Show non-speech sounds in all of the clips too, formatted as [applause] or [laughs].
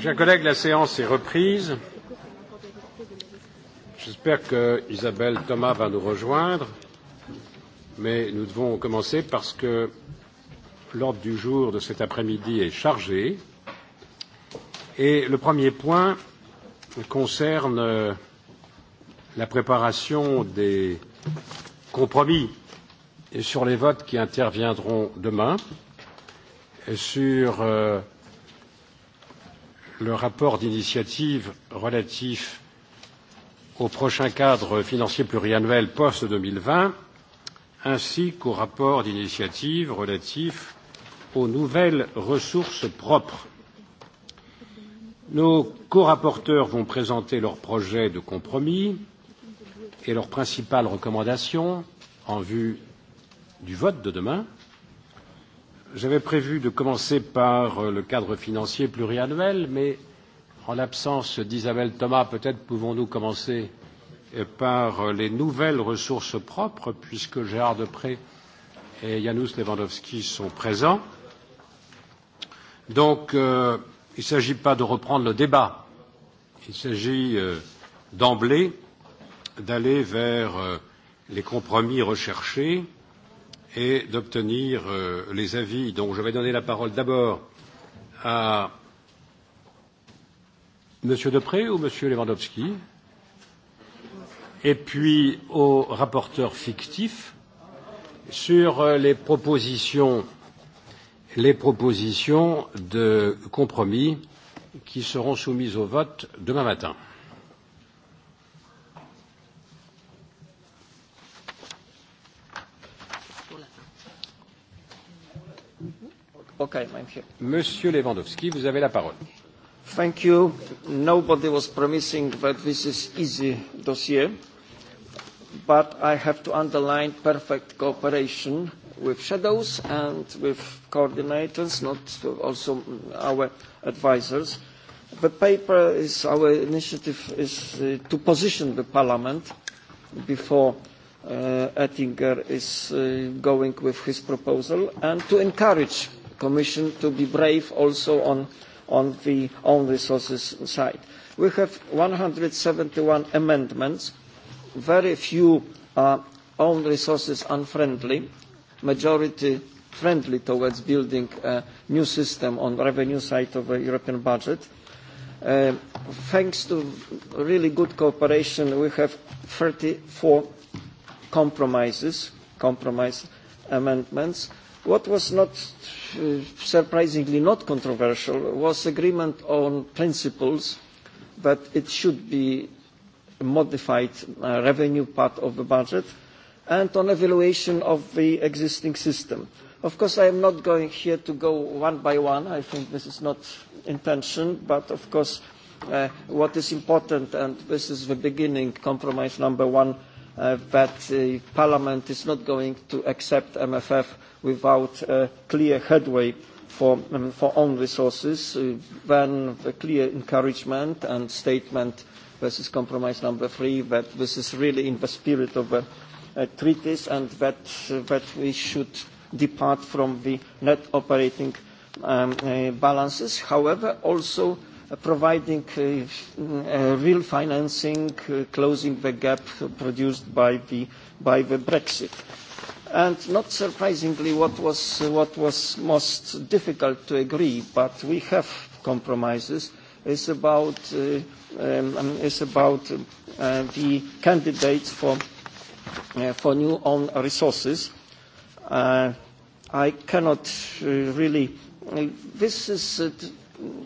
Chers collègues, la séance est reprise. J'espère que Isabelle Thomas va nous rejoindre, mais nous devons commencer parce que l'ordre du jour de cet après-midi est chargé. Et le premier point concerne la préparation des compromis sur les votes qui interviendront demain sur euh, le rapport d'initiative relatif au prochain cadre financier pluriannuel post 2020 ainsi qu'au rapport d'initiative relatif aux nouvelles ressources propres. Nos corapporteurs vont présenter leurs projets de compromis et leurs principales recommandations en vue du vote de demain, j'avais prévu de commencer par euh, le cadre financier pluriannuel, mais en l'absence d'Isabelle Thomas, peut-être pouvons-nous commencer euh, par euh, les nouvelles ressources propres, puisque Gérard Deprez et Janusz Lewandowski sont présents. Donc, euh, il ne s'agit pas de reprendre le débat. Il s'agit euh, d'emblée d'aller vers euh, les compromis recherchés euh, et d'obtenir euh, les avis. Donc je vais donner la parole d'abord à Monsieur Depré ou Monsieur Lewandowski, et puis au rapporteur fictif sur euh, les propositions, les propositions de compromis qui seront soumises au vote demain matin. Okay, I'm here. Monsieur Lewandowski, vous avez la parole. Thank you. Nobody was promising that this is easy dossier, but I have to underline perfect cooperation with shadows and with coordinators, not also our advisors. The paper is our initiative is uh, to position the parliament before uh, Ettinger is uh, going with his proposal and to encourage Commission to be brave also on, on the own resources side. We have 171 amendments, very few uh, own resources unfriendly, majority friendly towards building a new system on the revenue side of the European budget. Uh, thanks to really good cooperation, we have 34 compromises, compromise amendments What was not uh, surprisingly not controversial was agreement on principles that it should be a modified uh, revenue part of the budget and on evaluation of the existing system. Of course, I am not going here to go one by one. I think this is not intention, but of course, uh, what is important, and this is the beginning, compromise number one, Uh, that Parliament is not going to accept MFF without a clear headway for, um, own resources, uh, then a clear encouragement and statement versus compromise number three that this is really in the spirit of the treaties and uh, that, we should depart from the net operating um, balances. However, also Uh, providing real financing, uh, closing the gap produced by the, by the Brexit. And not surprisingly, what was, what was most difficult to agree, but we have compromises, is about, uh, um, um, is about the candidates for, for new own resources. I cannot really... This is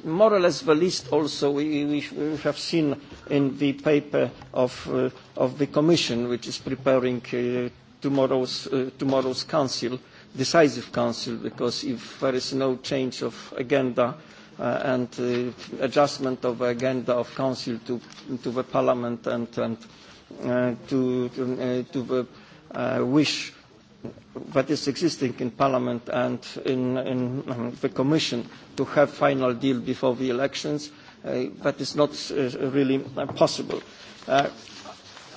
more or less the list also we, we have seen in the paper of, uh, of the Commission, which is preparing uh, tomorrow's, uh, tomorrow's Council, decisive Council, because if there is no change of agenda uh, and uh, adjustment of the agenda of Council to, to the Parliament and, and uh, to, to, uh, to the uh, wish that is existing in Parliament and in, in um, the Commission to have final deal before the elections. Uh, that is not uh, really uh, possible. Uh,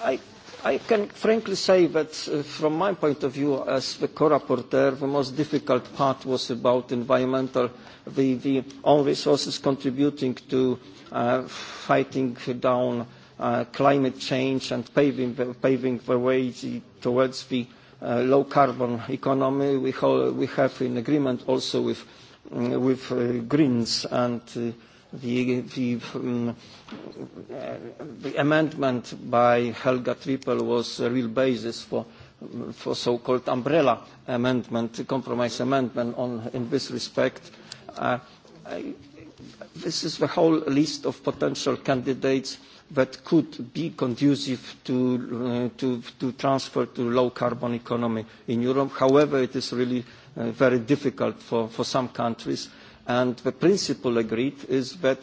I, I can frankly say that uh, from my point of view as the co-rapporteur, the most difficult part was about environmental, the, the own resources contributing to uh, fighting down climate change and paving the, paving the way towards the Uh, low carbon economy. We, whole, we have an agreement also with, mm, with uh, Greens and uh, the, the, um, the amendment by Helga Trippel was a real basis for for so-called umbrella amendment, compromise amendment on, in this respect. Uh, I, this is the whole list of potential candidates that could be conducive to, uh, to, to transfer to low-carbon economy in Europe. However, it is really uh, very difficult for, for some countries. And the principle agreed is that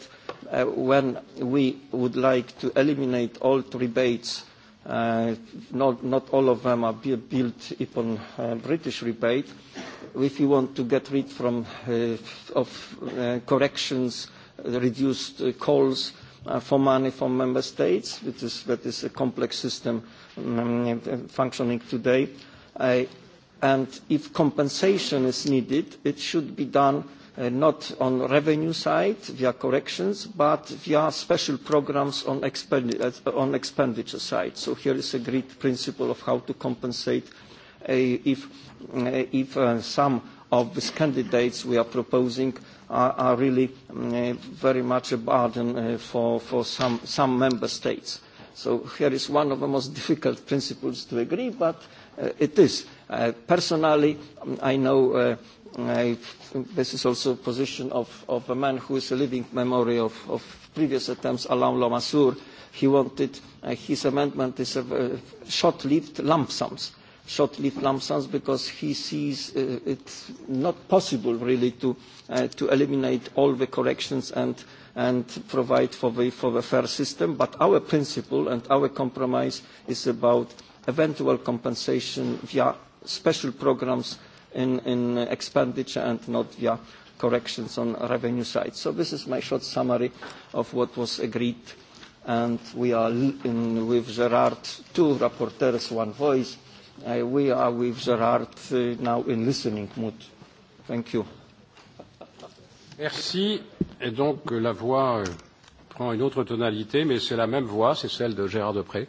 uh, when we would like to eliminate all rebates, uh, not, not all of them are built upon uh, British rebate, if you want to get rid from, uh, of corrections, reduced calls, Uh, for money from member states. which is, that is a complex system um, functioning today. Uh, and if compensation is needed, it should be done Uh, not on the revenue side via corrections, but via special programs on, expendi uh, on expenditure side. So here is a great principle of how to compensate uh, if, uh, if uh, some of these candidates we are proposing are, are really mm, eh, very much a burden eh, for, for some, some member states. So here is one of the most difficult principles to agree, but uh, it is. Uh, personally, mm, I know uh, I, this is also a position of, of a man who is a living memory of, of previous attempts, Alain Lamassoure. He wanted, uh, his amendment is a uh, short-lived lump sums short-lived lump sums because he sees it uh, it's not possible really to, uh, to eliminate all the corrections and, and provide for the, for the fair system. But our principle and our compromise is about eventual compensation via special programs in, in expenditure and not via corrections on revenue side. So this is my short summary of what was agreed and we are in, with Gerard, two rapporteurs, one voice uh, we are with Gerard uh, now in listening mood. Thank you. Merci. Et donc euh, la voix euh, prend une autre tonalité, mais c'est la même voix, c'est celle de Gérard Depré.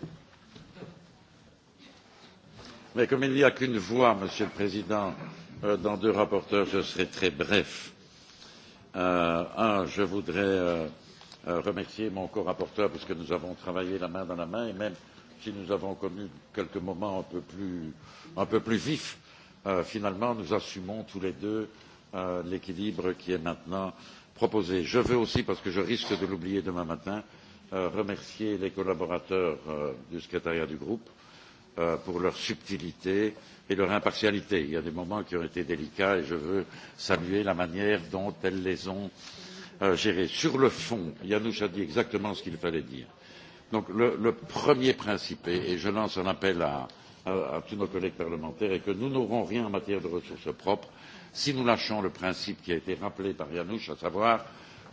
Mais comme il n'y a qu'une voix, Monsieur le Président, euh, dans deux rapporteurs, je serai très bref. Euh, un, je voudrais euh, euh remercier mon co-rapporteur, puisque nous avons travaillé la main dans la main, et même si nous avons connu quelques moments un peu plus, un peu plus vifs, euh, finalement, nous assumons tous les deux euh, l'équilibre qui est maintenant proposé. Je veux aussi, parce que je risque de l'oublier demain matin, euh, remercier les collaborateurs euh, du secrétariat du groupe euh, pour leur subtilité et leur impartialité. Il y a des moments qui ont été délicats et je veux saluer la manière dont elles les ont euh, gérés. Sur le fond, Yannou a dit exactement ce qu'il fallait dire Donc le, le premier principe, et, et je lance un appel à, à, à tous nos collègues parlementaires, est que nous n'aurons rien en matière de ressources propres si nous lâchons le principe qui a été rappelé par Yanush, à savoir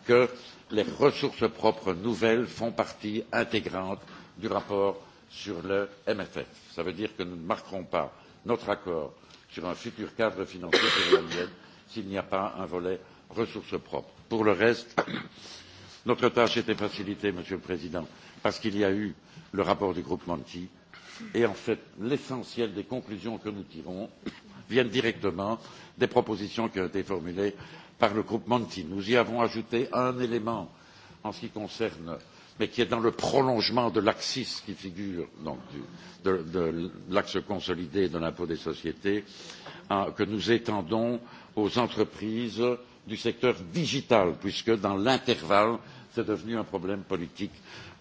que les ressources propres nouvelles font partie intégrante du rapport sur le MFF. Ça veut dire que nous ne marquerons pas notre accord sur un futur cadre financier pluriannuel s'il n'y a pas un volet ressources propres. Pour le reste, Notre tâche était facilitée, Monsieur le Président, parce qu'il y a eu le rapport du groupe Monti et en fait l'essentiel des conclusions que nous tirons viennent directement des propositions qui ont été formulées par le groupe Monti. Nous y avons ajouté un élément en ce qui concerne mais qui est dans le prolongement de l'axis qui figure donc du, de, de l'axe consolidé de l'impôt des sociétés, hein, que nous étendons aux entreprises du secteur digital, puisque dans l'intervalle, c'est devenu un problème politique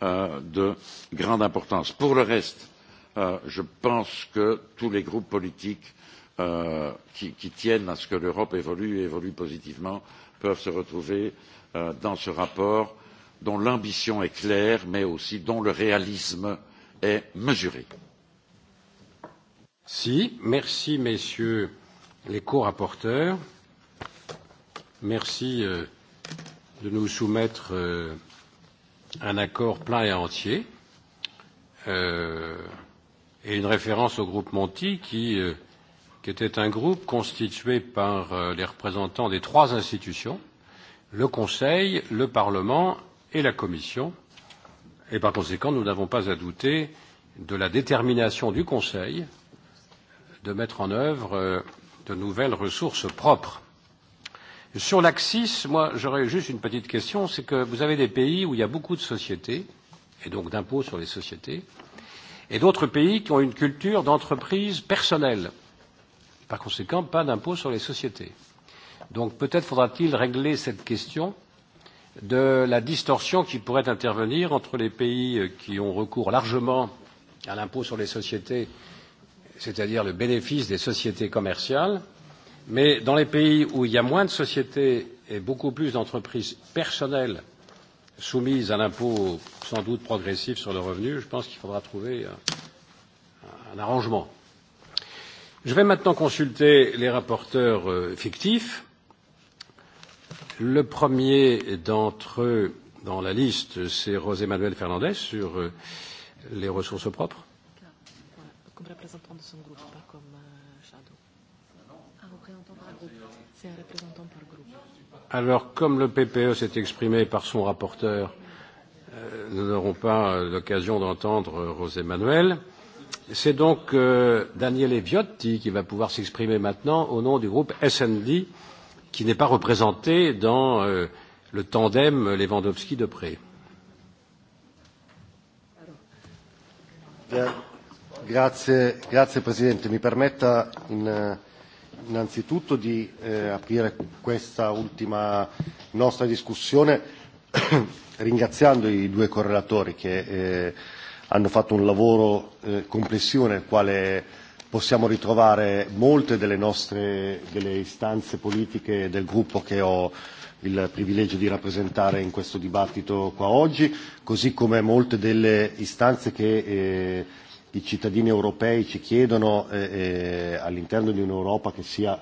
euh, de grande importance. Pour le reste, euh, je pense que tous les groupes politiques euh, qui, qui tiennent à ce que l'Europe évolue et évolue positivement peuvent se retrouver euh, dans ce rapport dont l'ambition est claire, mais aussi dont le réalisme est mesuré. Si, merci messieurs les co-rapporteurs. Merci euh, de nous soumettre euh, un accord plein et entier euh, et une référence au groupe Monti qui, qui était un groupe constitué par les représentants des trois institutions, le Conseil, le Parlement et la Commission. Et par conséquent, nous n'avons pas à douter de la détermination du Conseil de mettre en œuvre de nouvelles ressources propres Sur l'Axis, moi, j'aurais juste une petite question. C'est que vous avez des pays où il y a beaucoup de sociétés, et donc d'impôts sur les sociétés, et d'autres pays qui ont une culture d'entreprise personnelle. Par conséquent, pas d'impôts sur les sociétés. Donc peut-être faudra-t-il régler cette question de la distorsion qui pourrait intervenir entre les pays qui ont recours largement à l'impôt sur les sociétés, c'est-à-dire le bénéfice des sociétés commerciales, Mais dans les pays où il y a moins de sociétés et beaucoup plus d'entreprises personnelles soumises à l'impôt sans doute progressif sur le revenu, je pense qu'il faudra trouver euh, un, arrangement. Je vais maintenant consulter les rapporteurs euh, fictifs. Le premier d'entre eux dans la liste, c'est José Manuel Fernandez sur euh, les ressources propres. Comme représentant de son groupe. c'est un représentant par groupe. Alors, comme le PPE s'est exprimé par son rapporteur, euh, nous n'aurons pas euh, l'occasion d'entendre euh, José Manuel. C'est donc euh, Daniel Eviotti qui va pouvoir s'exprimer maintenant au nom du groupe SND, qui n'est pas représenté dans euh, le tandem Lewandowski-Depré. Grazie, grazie Presidente. Mi permetta in innanzitutto di eh, aprire questa ultima nostra discussione [coughs] ringraziando i due correlatori che eh, hanno fatto un lavoro eh, complessivo nel quale possiamo ritrovare molte delle nostre delle istanze politiche del gruppo che ho il privilegio di rappresentare in questo dibattito qua oggi, così come molte delle istanze che eh, i cittadini europei ci chiedono eh, eh, all'interno di un'Europa che sia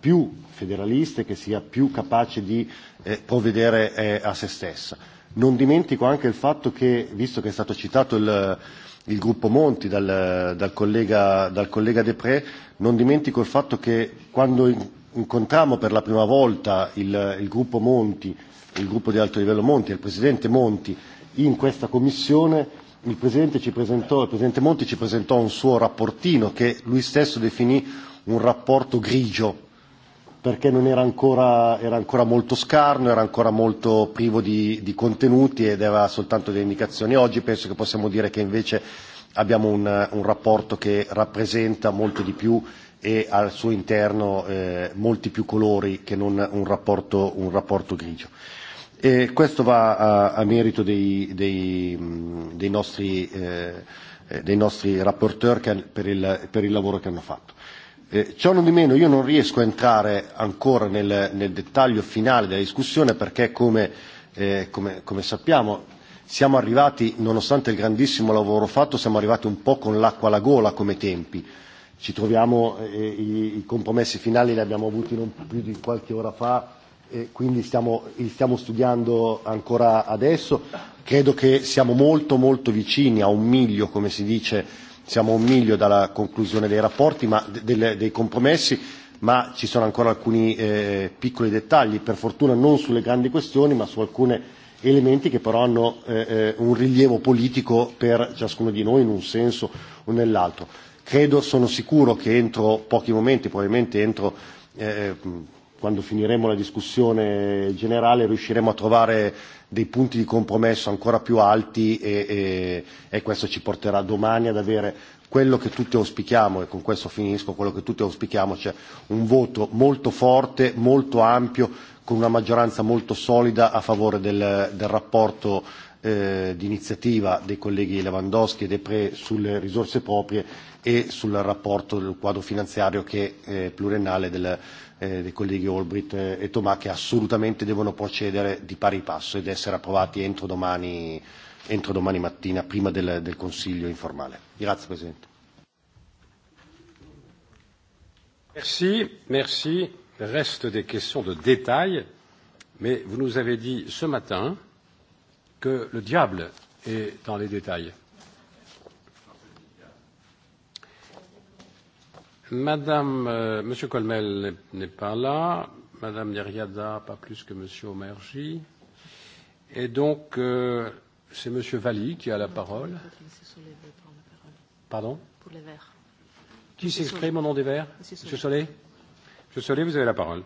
più federalista e che sia più capace di eh, provvedere eh, a se stessa. Non dimentico anche il fatto che, visto che è stato citato il, il gruppo Monti dal, dal, collega, dal collega De Depré, non dimentico il fatto che quando incontrammo per la prima volta il, il gruppo Monti, il gruppo di alto livello Monti, il presidente Monti, in questa commissione il Presidente, ci presentò, il Presidente Monti ci presentò un suo rapportino che lui stesso definì un rapporto grigio, perché non era ancora, era ancora molto scarno, era ancora molto privo di, di contenuti ed aveva soltanto delle indicazioni. Oggi penso che possiamo dire che invece abbiamo un, un rapporto che rappresenta molto di più e al suo interno eh, molti più colori che non un rapporto, un rapporto grigio. E questo va a, a merito dei, dei, dei, nostri, eh, eh, dei nostri rapporteur che, per, il, per il lavoro che hanno fatto. Eh, ciò non di meno io non riesco a entrare ancora nel, nel dettaglio finale della discussione perché come, eh, come, come sappiamo siamo arrivati, nonostante il grandissimo lavoro fatto, siamo arrivati un po' con l'acqua alla gola come tempi. Ci troviamo, eh, i, i compromessi finali li abbiamo avuti non più di qualche ora fa, e quindi stiamo, li stiamo studiando ancora adesso. Credo che siamo molto molto vicini a un miglio, come si dice, siamo a un miglio dalla conclusione dei rapporti, ma, del, dei compromessi, ma ci sono ancora alcuni eh, piccoli dettagli, per fortuna non sulle grandi questioni, ma su alcuni elementi che però hanno eh, eh, un rilievo politico per ciascuno di noi in un senso o nell'altro. Credo, sono sicuro che entro pochi momenti, probabilmente entro eh, quando finiremo la discussione generale riusciremo a trovare dei punti di compromesso ancora più alti e, e, e questo ci porterà domani ad avere quello che tutti auspichiamo, e con questo finisco, quello che tutti auspichiamo, cioè un voto molto forte, molto ampio, con una maggioranza molto solida a favore del, del rapporto eh, di iniziativa dei colleghi Lewandowski e Depre sulle risorse proprie e sul rapporto del quadro finanziario che, è eh, pluriennale del eh, dei colleghi Olbrit eh, e Tomà che assolutamente devono procedere di pari passo ed essere approvati entro domani, entro domani mattina prima del, del Consiglio informale. Grazie Presidente. Merci, merci. Reste des questions de détail, mais vous nous avez dit ce matin que le diable est dans les détails. Madame, euh, Monsieur Colmel n'est pas là. Madame Derriada, pas plus que Monsieur Omergy. Et donc, euh, c'est Monsieur Valli qui a la parole. Pardon Pour les Verts. Qui s'exprime au nom des Verts Monsieur Solé Monsieur Solé, vous avez la parole.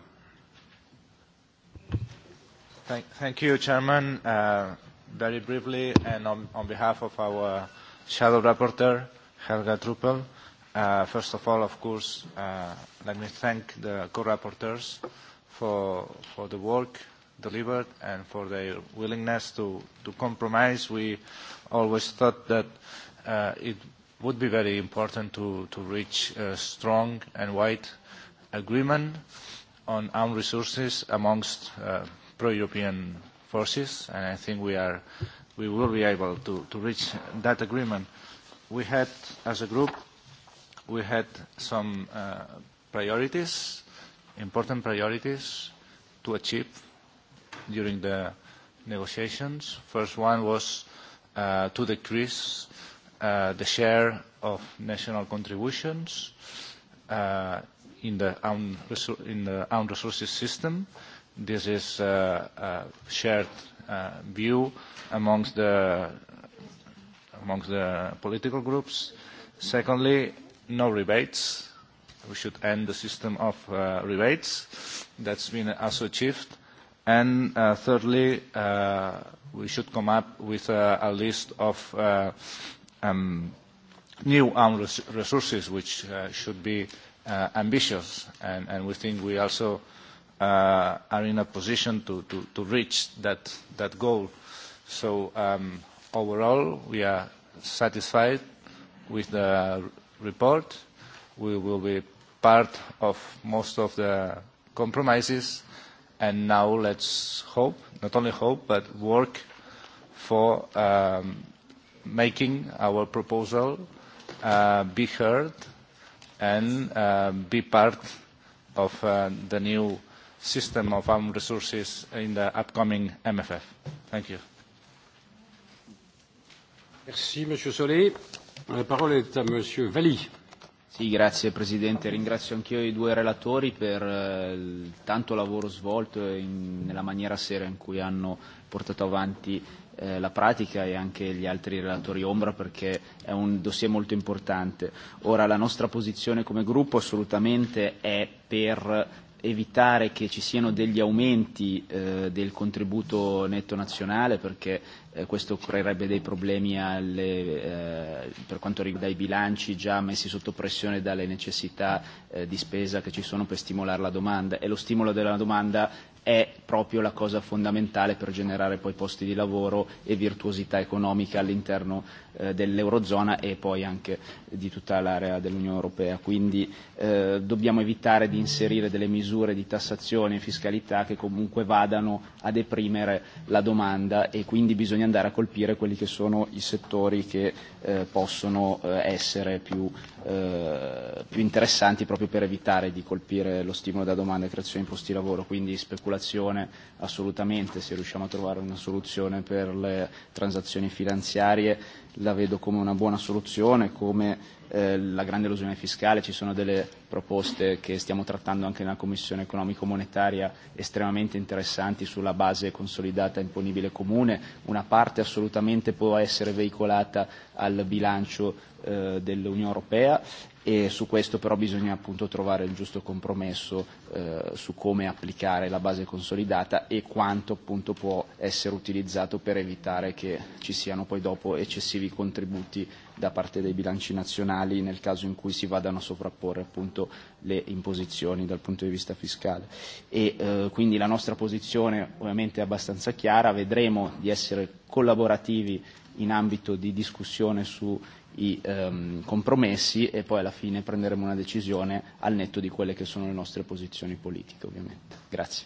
Thank, thank you, Chairman. Uh, very briefly, and on, on behalf of our shadow rapporteur, Helga Truppel, uh, Uh, first of all, of course, uh, let me thank the co-rapporteurs for, for the work delivered and for their willingness to, to compromise. We always thought that uh, it would be very important to, to reach a strong and wide agreement on armed resources amongst uh, pro-European forces, and I think we, are, we will be able to, to reach that agreement. We had, as a group, we had some uh, priorities, important priorities to achieve during the negotiations. First one was uh, to decrease uh, the share of national contributions uh, in, the own in the own resources system. This is uh, a shared uh, view amongst the, amongst the political groups. Secondly, no rebates. We should end the system of uh, rebates. That's been also achieved. And uh, thirdly, uh, we should come up with a, uh, a list of uh, um, new armed res resources, which uh, should be uh, ambitious. And, and we think we also uh, are in a position to, to, to reach that, that goal. So um, overall, we are satisfied with the report. We will be part of most of the compromises. And now let's hope, not only hope, but work for um, making our proposal uh, be heard and uh, be part of uh, the new system of armed resources in the upcoming MFF. Thank you. Merci, Monsieur Solé. La Presidente. Ringrazio anch'io i due relatori per il eh, tanto lavoro svolto e nella maniera seria in cui hanno portato avanti eh, la pratica e anche gli altri relatori ombra perché è un dossier molto importante. Ora la nostra posizione come gruppo assolutamente è per evitare che ci siano degli aumenti eh, del contributo netto nazionale perché eh, questo creerebbe dei problemi alle, eh, per quanto riguarda i bilanci già messi sotto pressione dalle necessità eh, di spesa che ci sono per stimolare la domanda e lo stimolo della domanda è proprio la cosa fondamentale per generare poi posti di lavoro e virtuosità economica all'interno eh, dell'Eurozona e poi anche di tutta l'area dell'Unione Europea. Quindi eh, dobbiamo evitare di inserire delle misure di tassazione e fiscalità che comunque vadano a deprimere la domanda e quindi bisogna andare a colpire quelli che sono i settori che eh, possono eh, essere più, eh, più interessanti proprio per evitare di colpire lo stimolo da domanda e creazione di posti di lavoro. Quindi speculazione assolutamente, se riusciamo a trovare una soluzione per le transazioni finanziarie la vedo come una buona soluzione, come eh, la grande illusione fiscale, ci sono delle proposte che stiamo trattando anche nella Commissione economico-monetaria estremamente interessanti sulla base consolidata e imponibile comune, una parte assolutamente può essere veicolata al bilancio eh, dell'Unione Europea e su questo però bisogna appunto trovare il giusto compromesso eh, su come applicare la base consolidata e quanto appunto può essere utilizzato per evitare che ci siano poi dopo eccessivi contributi da parte dei bilanci nazionali nel caso in cui si vadano a sovrapporre appunto le imposizioni dal punto di vista fiscale. E, eh, quindi la nostra posizione ovviamente è abbastanza chiara, vedremo di essere collaborativi in ambito di discussione su i ehm, compromessi e poi alla fine prenderemo una decisione al netto di quelle che sono le nostre posizioni politiche ovviamente. Grazie.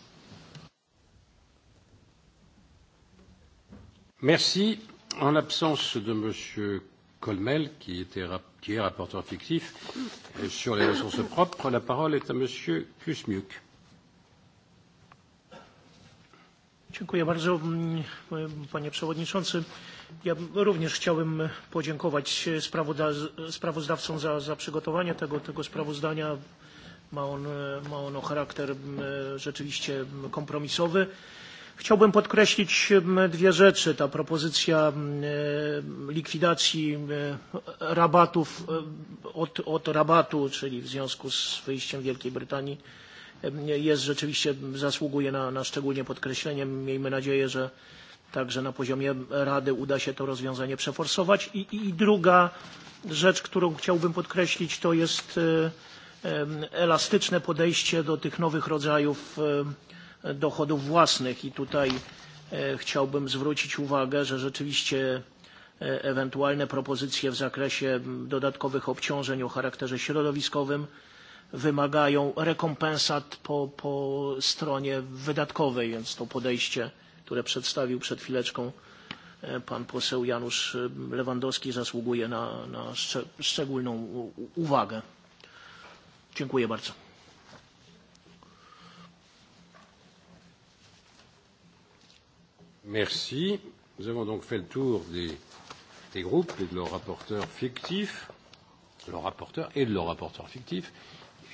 Merci. En l'absence de M. Colmel, qui, était, qui est rapporteur fictif euh, sur les ressources propres, la parole est à M. Kusmiuk. Dziękuję bardzo, mm, panie przewodniczący. Ja również chciałbym podziękować sprawozdawcom za, za przygotowanie tego, tego sprawozdania. Ma on, ma ono charakter rzeczywiście kompromisowy. Chciałbym podkreślić dwie rzeczy. Ta propozycja likwidacji rabatów od, od rabatu, czyli w związku z wyjściem Wielkiej Brytanii, jest rzeczywiście zasługuje na, na szczególnie podkreślenie. Miejmy nadzieję, że Także na poziomie Rady uda się to rozwiązanie przeforsować. I, i, i druga rzecz, którą chciałbym podkreślić, to jest e, elastyczne podejście do tych nowych rodzajów e, dochodów własnych. I tutaj e, chciałbym zwrócić uwagę, że rzeczywiście ewentualne propozycje w zakresie dodatkowych obciążeń o charakterze środowiskowym wymagają rekompensat po, po stronie wydatkowej, więc to podejście które przedstawił przed chwileczką e, pan poseł Janusz e, Lewandowski zasługuje na, na szcz szczególną uwagę. Dziękuję bardzo. Merci. Nous avons donc fait le tour des, des groupes et de leurs rapporteurs fictifs, leurs rapporteurs et de leurs rapporteurs fictifs.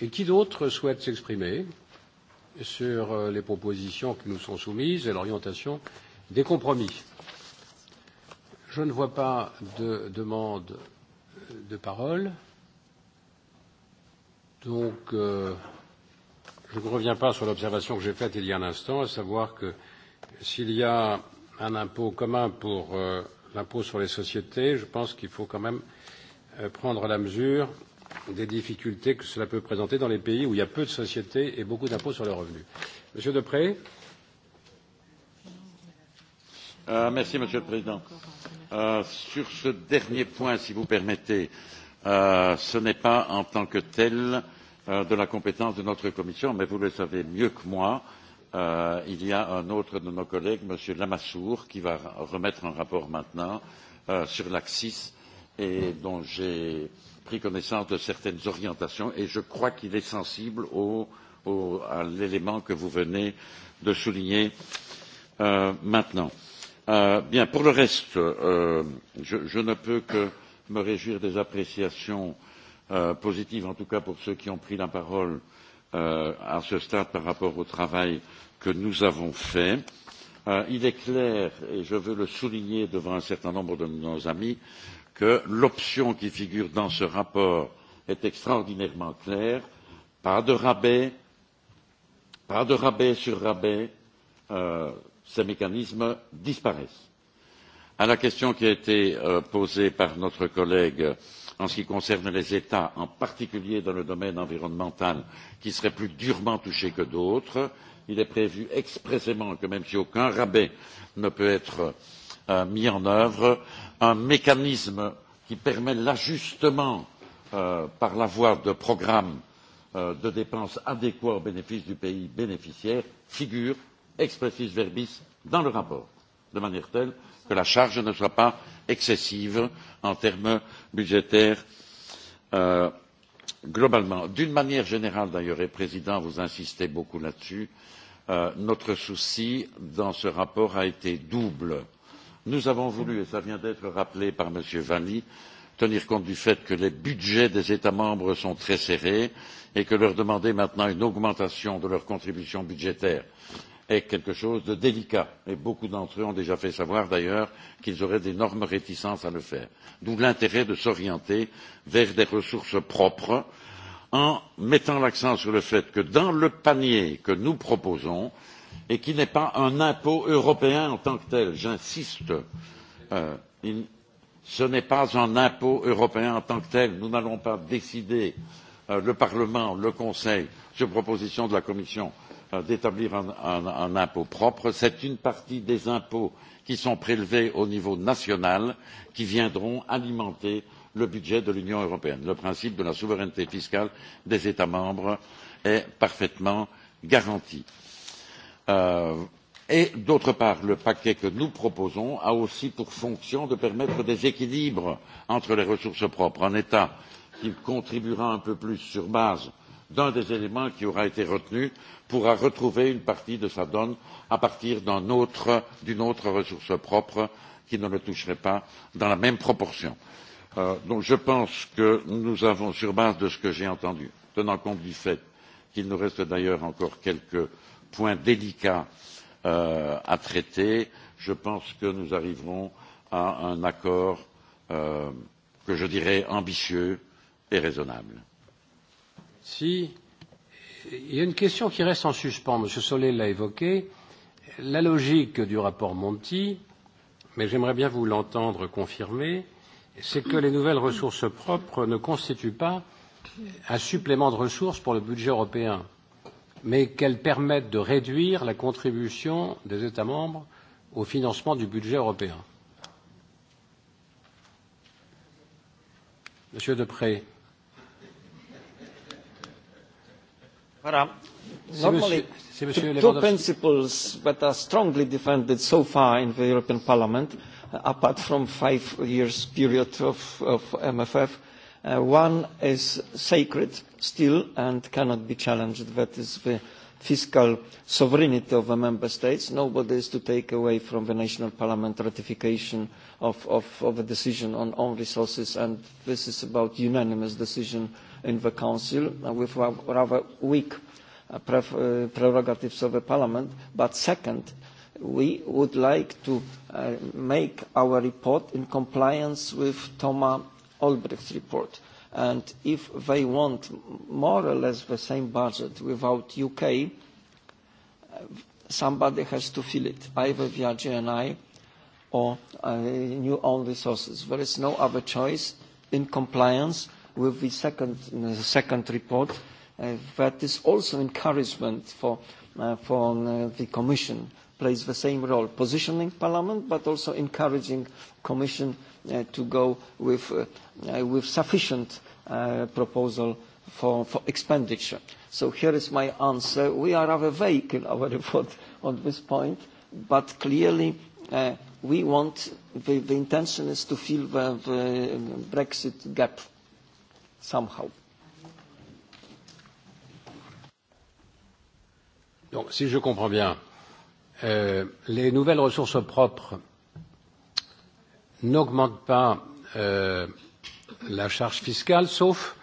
Et qui d'autre souhaite s'exprimer sur euh, les propositions qui nous sont soumises et l'orientation des compromis. Je ne vois pas de demande de parole. Donc, euh, je ne reviens pas sur l'observation que j'ai faite il y a un instant, à savoir que s'il y a un impôt commun pour euh, l'impôt sur les sociétés, je pense qu'il faut quand même prendre la mesure des difficultés que cela peut présenter dans les pays où il y a peu de sociétés et beaucoup d'impôts sur le revenu. Monsieur Depré. Euh, merci, Monsieur le Président. Euh, sur ce dernier point, si vous permettez, euh, ce n'est pas en tant que tel euh, de la compétence de notre commission, mais vous le savez mieux que moi, euh, il y a un autre de nos collègues, M. Lamassour, qui va remettre un rapport maintenant euh, sur l'Axis et dont j'ai euh, pris connaissance de certaines orientations et je crois qu'il est sensible au, au, à l'élément que vous venez de souligner euh, maintenant. Euh, bien, pour le reste, euh, je, je ne peux que me réjouir des appréciations euh, positives, en tout cas pour ceux qui ont pris la parole euh, à ce stade par rapport au travail que nous avons fait. Euh, il est clair, et je veux le souligner devant un certain nombre de nos amis, que l'option qui figure dans ce rapport est extraordinairement claire pas de rabais, pas de rabais sur rabais, euh, ces mécanismes disparaissent. À la question qui a été euh, posée par notre collègue euh, en ce qui concerne les États, en particulier dans le domaine environnemental, qui seraient plus durement touchés que d'autres, il est prévu expressément que même si aucun rabais ne peut être euh, euh, mis en œuvre un mécanisme qui permet l'ajustement euh, par la voie de programmes euh, de dépenses adéquats aux bénéfices du pays bénéficiaire figure expressis verbis dans le rapport, de manière telle que la charge ne soit pas excessive en termes budgétaires euh, globalement. D'une manière générale d'ailleurs, et Président, vous insistez beaucoup là-dessus, euh, notre souci dans ce rapport a été double. Euh, nous avons voulu et cela vient d'être rappelé par m. vanni tenir compte du fait que les budgets des états membres sont très serrés et que leur demander maintenant une augmentation de leur contribution budgétaire est quelque chose de délicat et beaucoup d'entre eux ont déjà fait savoir d'ailleurs qu'ils auraient d'énormes réticences à le faire d'où l'intérêt de s'orienter vers des ressources propres en mettant l'accent sur le fait que dans le panier que nous proposons et qui n'est pas un impôt européen en tant que tel j'insiste euh, ce n'est pas un impôt européen en tant que tel nous n'allons pas décider euh, le parlement le conseil sur proposition de la commission euh, d'établir un, un, un impôt propre c'est une partie des impôts qui sont prélevés au niveau national qui viendront alimenter le budget de l'union européenne. le principe de la souveraineté fiscale des états membres est parfaitement garanti. Euh, et d'autre part le paquet que nous proposons a aussi pour fonction de permettre des équilibres entre les ressources propres un état qui contribuera un peu plus sur la base d'un des éléments qui aura été retenu pourra retrouver une partie de sa donne à partir d'une autre, autre ressource propre qui ne le toucherait pas dans la même proportion. Euh, donc je pense que nous avons sur base de ce que j'ai entendu tenant compte du fait qu'il nous reste d'ailleurs encore quelques point délicat euh, à traiter, je pense que nous arriverons à un accord euh, que je dirais ambitieux et raisonnable. Si. Il y a une question qui reste en suspens. M. Solé l'a évoquée. La logique du rapport Monti, mais j'aimerais bien vous l'entendre confirmer, c'est que les nouvelles ressources propres ne constituent pas un supplément de ressources pour le budget européen mais qu'elles permettent de réduire la contribution des États membres au financement du budget européen. Monsieur Depré. Madame, two, two principles that are strongly defended so far in the European Parliament, apart from five years period of, of MFF, Uh, one is sacred still and cannot be challenged. That is the fiscal sovereignty of the member states. Nobody is to take away from the national parliament ratification of, of, of a decision on own resources, and this is about unanimous decision in the council uh, with rather weak uh, prerogatives of the parliament. But second, we would like to make our report in compliance with Toma Olbrycht's report. And if they want more or less the same budget without UK, uh, somebody has to fill it, either via GNI or uh, new own resources. There is no other choice in compliance with the second, uh, second report. Uh, that is also encouragement for, uh, for uh, the Commission plays the same role, positioning Parliament, but also encouraging Commission uh, to go with, uh, uh, with sufficient uh, proposal for, for expenditure. So here is my answer. We are rather vague in our [laughs] report on this point, but clearly uh, we want, the, the intention is to fill the, the Brexit gap somehow. Donc, si je comprends bien, Euh, les nouvelles ressources propres n'augmentent pas euh, la charge fiscale, sauf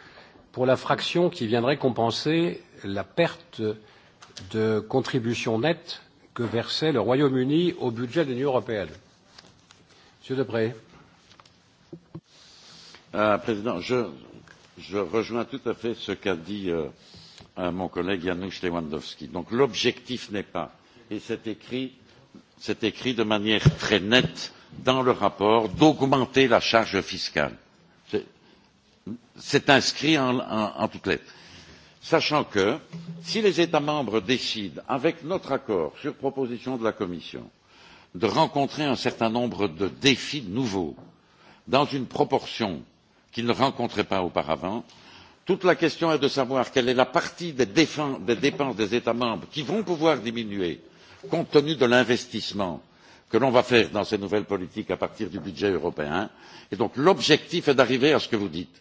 pour la fraction qui viendrait compenser la perte de contribution nette que versait le Royaume-Uni au budget de l'Union européenne. Monsieur Depré. Euh, Président, je, je rejoins tout à fait ce qu'a dit euh, mon collègue Janusz Lewandowski. Donc l'objectif n'est pas et c'est écrit, de manière très nette dans le rapport d'augmenter la charge fiscale. C'est inscrit en, en, en toutes lettres. Sachant que si les États membres décident, avec notre accord, sur proposition de la Commission, de rencontrer un certain nombre de défis nouveaux dans une proportion qu'ils ne rencontraient pas auparavant, toute la question est de savoir quelle est la partie des, défense, des dépenses des États membres qui vont pouvoir diminuer compte tenu de l'investissement que l'on va faire dans ces nouvelles politiques à partir du budget européen et donc l'objectif est d'arriver à ce que vous dites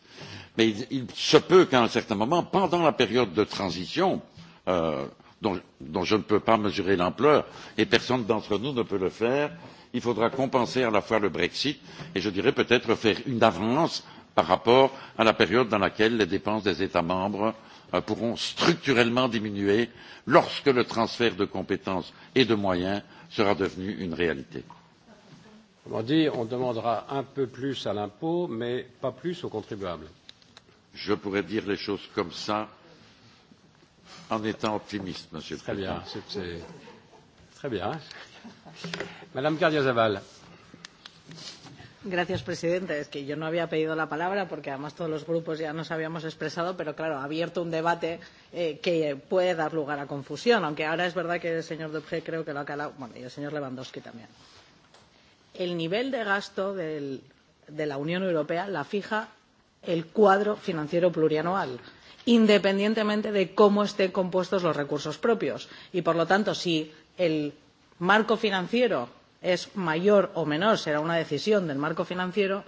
mais il, il se peut qu'à un certain moment pendant la période de transition euh, dont, dont je ne peux pas mesurer l'ampleur et personne d'entre nous ne peut le faire il faudra compenser à la fois le brexit et je dirais peut être faire une avance par rapport à la période dans laquelle les dépenses des états membres Euh, pourront structurellement diminuer lorsque le transfert de compétences et de moyens sera devenu une réalité. Autrement dit, on demandera un peu plus à l'impôt, mais pas plus aux contribuables. Je pourrais dire les choses comme ça en étant optimiste, Monsieur le Président. Très bien, c'est très bien. Madame Cardiazaval. Gracias, presidenta. Es que yo no había pedido la palabra porque además todos los grupos ya nos habíamos expresado, pero claro, ha abierto un debate eh, que puede dar lugar a confusión, aunque ahora es verdad que el señor Dupré creo que lo ha calado, bueno, y el señor Lewandowski también. El nivel de gasto del, de la Unión Europea la fija el cuadro financiero plurianual independientemente de cómo estén compuestos los recursos propios. Y, por lo tanto, si el marco financiero es mayor o menor, será una decisión del marco financiero,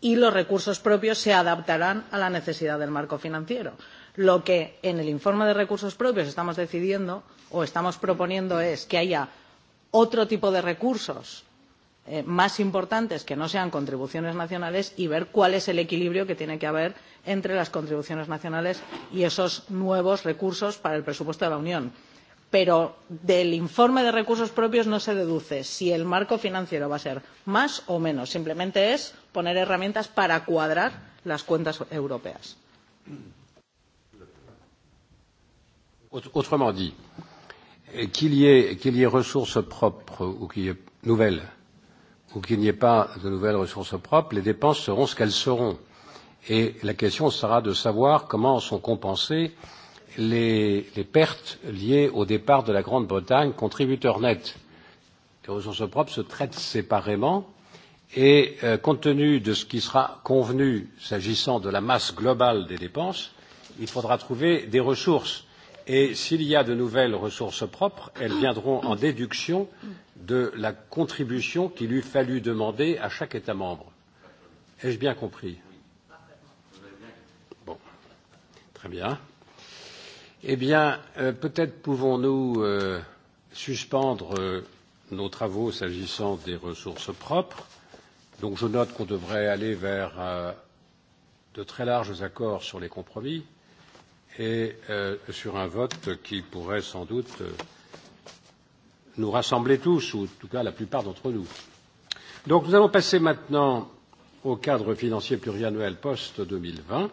y los recursos propios se adaptarán a la necesidad del marco financiero. Lo que en el informe de recursos propios estamos decidiendo o estamos proponiendo es que haya otro tipo de recursos eh, más importantes que no sean contribuciones nacionales y ver cuál es el equilibrio que tiene que haber entre las contribuciones nacionales y esos nuevos recursos para el presupuesto de la Unión pero del informe de recursos propios no se deduce si el marco financiero va a ser más o menos. Simplemente es poner herramientas para cuadrar las cuentas europeas. Autrement dit, euh, qu'il y, ait, y ait ressources propres ou qu'il y ait nouvelles ou qu'il n'y ait pas de nouvelles ressources propres, les dépenses seront ce qu'elles seront. Et la question sera de savoir comment sont compensées euh, les, les pertes liées au départ de la Grande-Bretagne, contributeur net et ressources propres se traitent séparément et euh, compte tenu de ce qui sera convenu s'agissant de la masse globale des dépenses, il faudra trouver des ressources. Et s'il y a de nouvelles ressources propres, elles viendront en déduction de la contribution qu'il eût fallu demander à chaque État membre. Ai-je bien compris Bon. Très bien. Eh bien, euh, peut-être pouvons-nous euh, suspendre euh, nos travaux s'agissant des ressources propres. Donc, je note qu'on devrait aller vers euh, de très larges accords sur les compromis et euh, sur un vote qui pourrait sans doute euh, nous rassembler tous, ou en tout cas la plupart d'entre nous. Donc, nous allons passer maintenant au cadre financier pluriannuel post 2020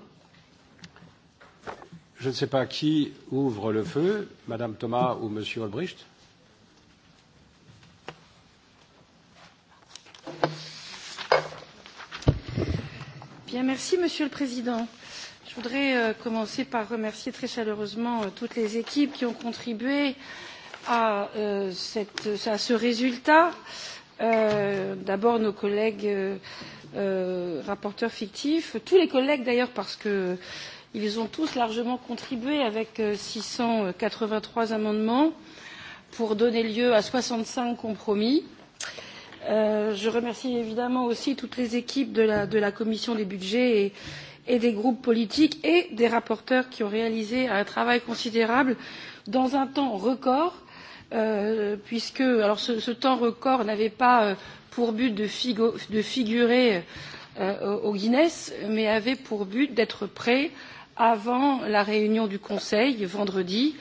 je ne sais pas qui ouvre le feu, Madame Thomas ou Monsieur Olbricht. Bien, merci Monsieur le Président. Je voudrais euh, commencer par remercier très chaleureusement euh, toutes les équipes qui ont contribué à, euh, cette, à ce résultat. Euh, D'abord nos collègues euh, euh, rapporteurs fictifs, tous les collègues d'ailleurs parce que euh, Ils ont tous largement contribué avec 683 euh, amendements pour donner lieu à 65 compromis. Euh, je remercie évidemment aussi toutes les équipes de la, de la commission des budgets et, et des groupes politiques et des rapporteurs qui ont réalisé un travail considérable dans un temps record euh, puisque alors ce, ce temps record n'avait pas euh, pour but de, figo, de figurer euh, au Guinness mais avait pour but d'être prêt avant la réunion du Conseil vendredi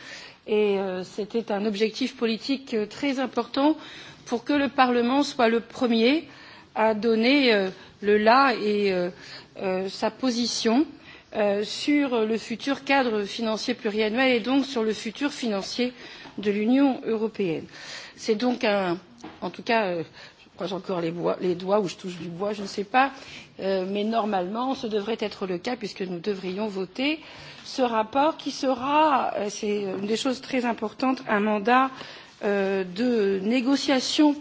et euh, c'était un objectif politique euh, très important pour que le Parlement soit le premier à donner euh, le là et sa position sur le futur cadre financier pluriannuel et donc sur le futur financier de l'Union européenne. C'est donc un, en tout cas croise encore les, bois, les doigts ou je touche du bois, je ne sais pas, euh, mais normalement, ce devrait être le cas puisque nous devrions voter ce rapport qui sera, euh, c'est une des choses très importantes, un mandat euh, de négociation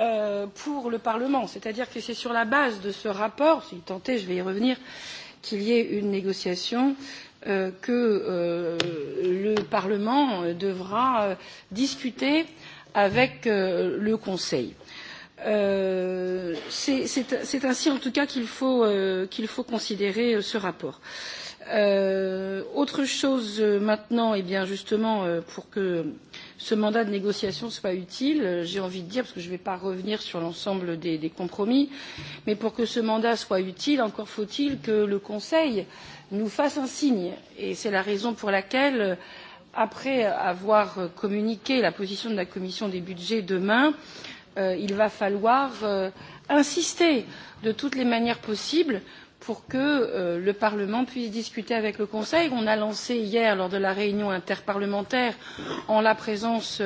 euh, pour le Parlement. C'est-à-dire que c'est sur la base de ce rapport, si tant est, je vais y revenir, qu'il y ait une négociation euh, que euh, le Parlement devra euh, discuter avec euh, le Conseil. Euh, c'est ainsi en tout cas qu'il faut, euh, qu faut considérer euh, ce rapport. Euh, autre chose euh, maintenant, et eh bien justement euh, pour que ce mandat de négociation soit utile, euh, j'ai envie de dire, parce que je ne vais pas revenir sur l'ensemble des, des compromis, mais pour que ce mandat soit utile, encore faut-il que le Conseil nous fasse un signe. Et c'est la raison pour laquelle, euh, après avoir communiqué la position de la Commission des budgets demain, euh, Euh, il va falloir euh, insister de toutes les manières possibles pour que euh, le parlement puisse discuter avec le conseil. on a lancé hier lors de la réunion interparlementaire en la présence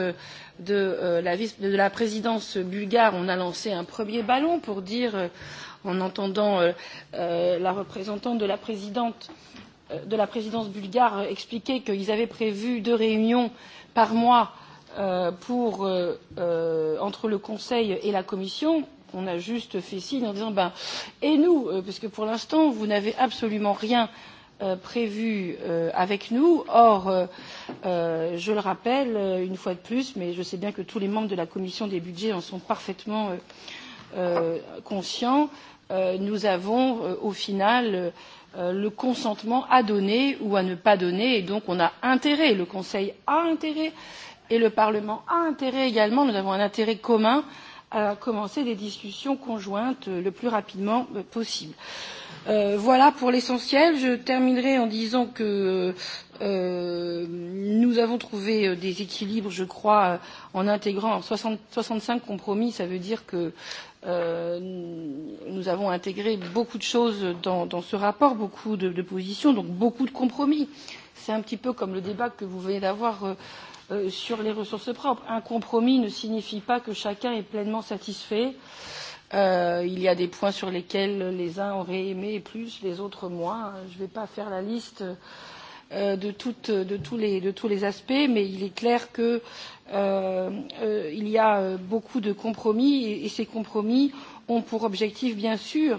de, la, présidence bulgare un premier ballon pour dire en entendant la représentante de la présidence bulgare expliquer qu'ils avaient prévu deux réunions par mois Euh, pour, euh, euh, entre le Conseil et la Commission, on a juste fait signe en disant ben, et nous, euh, parce que pour l'instant, vous n'avez absolument rien euh, prévu euh, avec nous. Or, euh, euh, je le rappelle une fois de plus, mais je sais bien que tous les membres de la Commission des budgets en sont parfaitement euh, euh, conscients, euh, nous avons euh, au final euh, le consentement à donner ou à ne pas donner et donc on a intérêt le conseil a intérêt et le Parlement a intérêt également, nous avons un intérêt commun à commencer des discussions conjointes euh, le plus rapidement euh, possible. Euh, voilà pour l'essentiel. Je terminerai en disant que euh, nous avons trouvé euh, des équilibres, je crois, en intégrant 60, 65 compromis. Ça veut dire que euh, nous avons intégré beaucoup de choses dans, dans ce rapport, beaucoup de, de positions, donc beaucoup de compromis. C'est un petit peu comme le débat que vous venez d'avoir. Euh, Euh, sur les ressources propres. Un compromis ne signifie pas que chacun est pleinement satisfait. Euh, il y a des points sur lesquels les uns auraient aimé plus, les autres moins. Je ne vais pas faire la liste euh, de, toutes, de, tous les, de tous les aspects, mais il est clair qu'il euh, euh, y a euh, beaucoup de compromis et, et ces compromis ont pour objectif, bien sûr,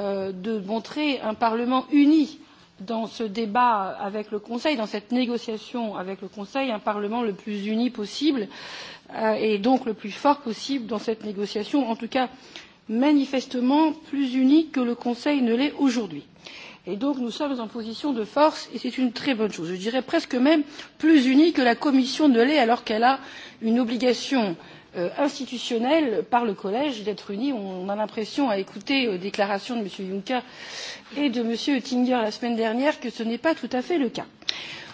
euh, de montrer un Parlement uni dans ce débat avec le Conseil, dans cette négociation avec le Conseil, un Parlement le plus uni possible euh, et donc le plus fort possible dans cette négociation, en tout cas manifestement plus uni que le Conseil ne l'est aujourd'hui. Et donc nous sommes en position de force et c'est une très bonne chose. Je dirais presque même plus unie que la Commission ne l'est alors qu'elle a une obligation euh, Euh, institutionnel par le collège d'être unis. on a l'impression à écouter les euh, déclarations de m. juncker et de m. oettinger la semaine dernière que ce n'est pas tout à fait le cas.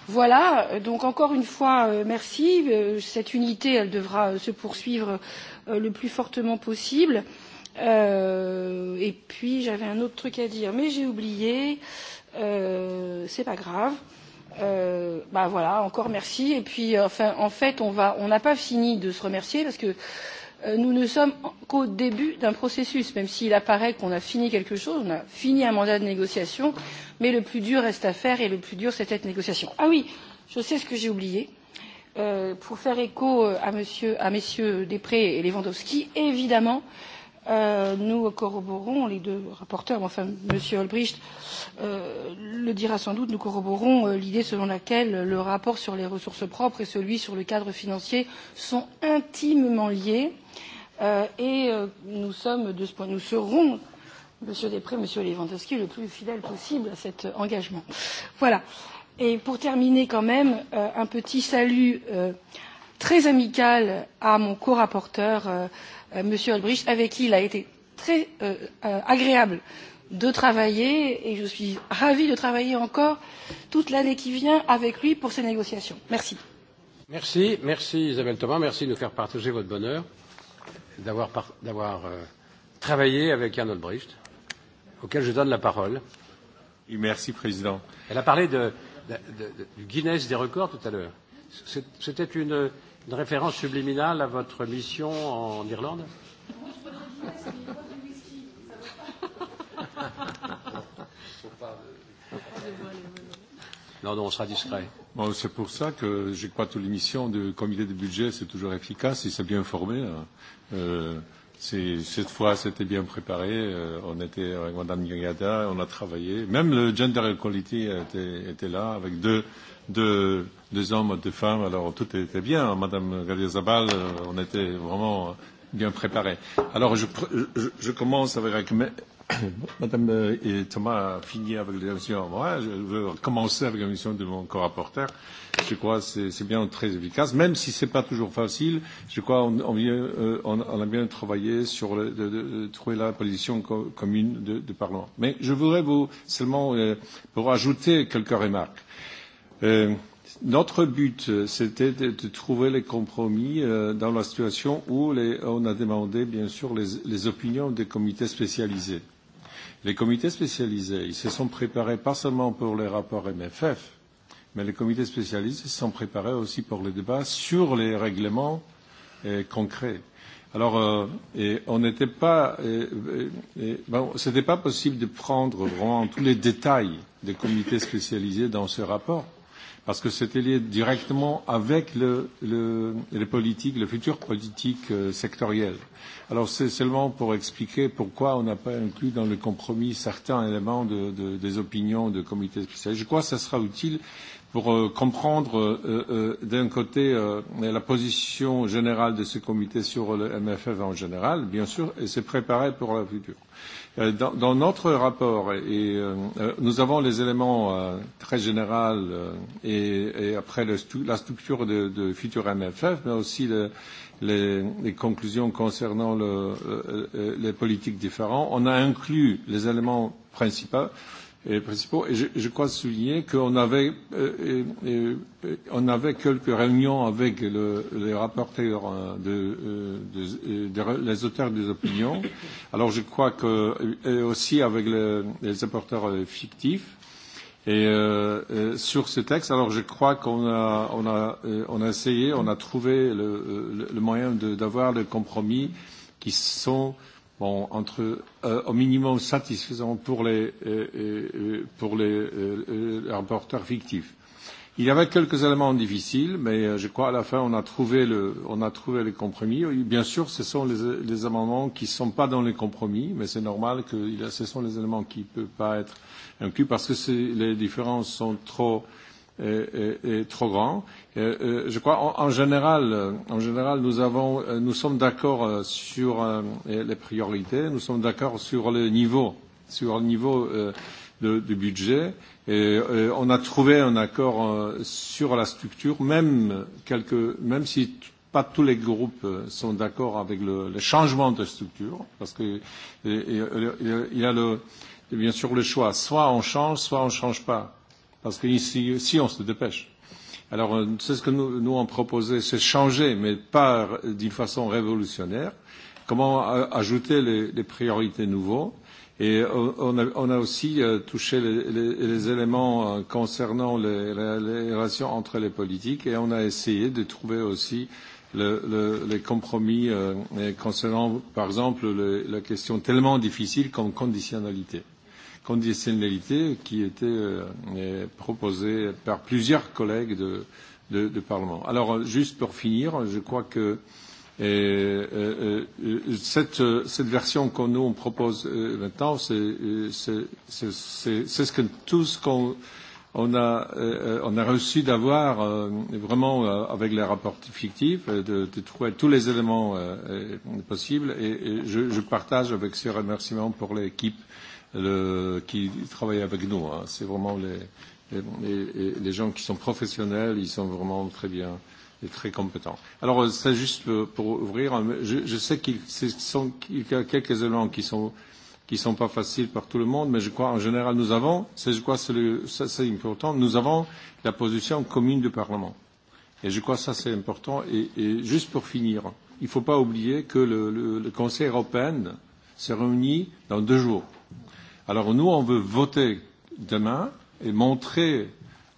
voilà euh, donc encore une fois merci cette unité elle devra se poursuivre le plus fortement possible euh, et puis j'avais un autre truc à dire mais j'ai oublié euh, c'est pas grave. Euh, Euh, bah voilà, encore merci. Et puis, enfin, en fait, on va, on n'a pas fini de se remercier parce que euh, nous ne sommes qu'au début d'un processus, même s'il apparaît qu'on a fini quelque chose, on a fini un mandat de négociation, mais le plus dur reste à faire et le plus dur, c'est cette négociation. Ah oui, je sais ce que j'ai oublié. Euh, pour faire écho euh, à, monsieur, à messieurs Després et Lewandowski, évidemment, euh, Euh, nous corroborons les deux rapporteurs enfin m. olbrycht euh, le dira sans doute nous corroborons euh, l'idée selon laquelle le rapport sur les ressources propres et celui sur le cadre financier sont intimement liés euh, et euh, nous sommes de ce point nous serons monsieur deprez monsieur lewandowski le plus fidèles possible à cet engagement. voilà. et pour terminer quand même un petit salut très amical à mon corapporteur Euh, m. olbrycht avec qui il a été très euh, euh, agréable de travailler et je suis ravie de travailler encore toute l'année qui vient avec lui pour ces négociations. merci. merci, merci isabelle thomas merci de nous faire partager votre bonheur d'avoir euh, travaillé avec jan olbrycht auquel je donne la parole. merci président. elle a parlé de, de, de, du guinness des records tout à l'heure. c'était une Une référence subliminale à votre mission en Irlande Non, non, on sera discret. Bon, c'est pour ça que je crois que toute l'émission du comité de budget, c'est toujours efficace, et c'est bien formé. Euh, cette fois, c'était bien préparé. Euh, on était avec Mme Nigada, on a travaillé. Même le gender equality était, était là, avec deux, de, des hommes, des femmes. Alors tout était bien. Madame gadia euh, on était vraiment bien préparé. Alors je, je, je commence avec [coughs] Madame euh, et Thomas a fini avec les émissions. Moi, je veux commencer avec l'émission de mon co-rapporteur. Je crois que c'est bien très efficace, même si ce n'est pas toujours facile. Je crois qu'on on, euh, on, on a bien travaillé sur le, de, de, de trouver la position co commune du Parlement. Mais je voudrais vous seulement euh, pour ajouter quelques remarques. Euh, Euh, notre but, euh, c'était de, de trouver les compromis euh, dans la situation où les, on a demandé, bien sûr, les, les opinions des comités spécialisés. Les comités spécialisés, ils se sont préparés pas seulement pour les rapports MFF, mais les comités spécialisés se sont préparés aussi pour les débats sur les règlements euh, concrets. Alors, euh, et on n'était pas, euh, euh, bon, c'était pas possible de prendre vraiment tous les détails des comités spécialisés dans ce rapport, parce que c'était lié directement avec le, le, les politiques, le futur politique euh, sectoriel. Alors c'est seulement pour expliquer pourquoi on n'a pas inclus dans le compromis certains éléments de, de, des opinions de comités spécialisés. Je crois que ce sera utile pour euh, comprendre euh, euh, d'un côté la position générale de ce comité sur le MFF en général, bien sûr, et se préparer pour la future. Dans, dans notre rapport, et, et, euh, nous avons les éléments euh, très généraux euh, et, et après le stu, la structure de, de futur MFF, mais aussi le, les, les conclusions concernant le, euh, les politiques différentes. On a inclus les éléments principaux et principaux. Et je, crois souligner qu'on avait, euh, on avait quelques réunions avec le, les rapporteurs euh, de, euh, de, de, de, les auteurs des opinions. Alors je crois que et aussi avec le, les rapporteurs fictifs. Et euh, euh, sur ce texte, alors je crois qu'on a, on a, on a essayé, on a trouvé le, le, le moyen d'avoir de, des compromis qui sont euh, bon, entre, euh, au minimum satisfaisant pour les, euh, euh, euh pour les euh, euh, rapporteurs fictifs. Il y avait quelques éléments difficiles, mais je crois à la fin on a trouvé le, on a trouvé le compromis. bien sûr, ce sont les, les amendements qui ne sont pas dans les compromis, mais c'est normal que ce sont les éléments qui ne peuvent pas être inclus parce que les différences sont trop euh, euh, est trop grand. Euh, euh, je crois en, en général, en général, nous avons, euh, nous sommes d'accord euh, sur euh, les priorités, nous sommes d'accord sur le niveau, sur le niveau euh, de, du budget. Et, euh, on a trouvé un accord euh, sur la structure, même quelques, même si pas tous les groupes euh, sont d'accord avec le, le changement de structure, parce que il y a le, bien sûr le choix, soit on change, soit on ne change pas parce qu'ici, si on se dépêche. Alors, euh, c'est ce que nous, nous on proposait, c'est changer, mais pas d'une façon révolutionnaire. Comment euh, ajouter les, les priorités nouveaux Et euh, on a, on a aussi touché les, les, les éléments concernant les, les relations entre les politiques et on a essayé de trouver aussi le, le, les compromis concernant, par exemple, le, la question tellement difficile comme conditionnalité conditionnalité qui était euh, proposée par plusieurs collègues de, de, de Parlement. Alors, juste pour finir, je crois que et, euh, euh, euh, cette, cette version qu'on nous on propose euh, maintenant, euh, c'est ce que tout ce qu'on on a, euh, on a réussi d'avoir euh, vraiment euh, avec les rapports fictifs euh, de, de trouver tous les éléments euh, possibles et, et je, je partage avec ce remerciement pour l'équipe euh, le, qui travaillent avec nous. Hein. C'est vraiment les, les, les gens qui sont professionnels, ils sont vraiment très bien et très compétents. Alors, euh, c'est juste euh, pour ouvrir, je, je sais qu'il qu y a quelques éléments qui sont qui ne sont pas faciles par tout le monde, mais je crois en général nous avons, c'est je crois c'est important, nous avons la position commune du Parlement. Et je crois que ça c'est important. Et, et juste pour finir, il ne faut pas oublier que le, le, le Conseil européen se réunit dans deux jours. Alors nous, on veut voter demain et montrer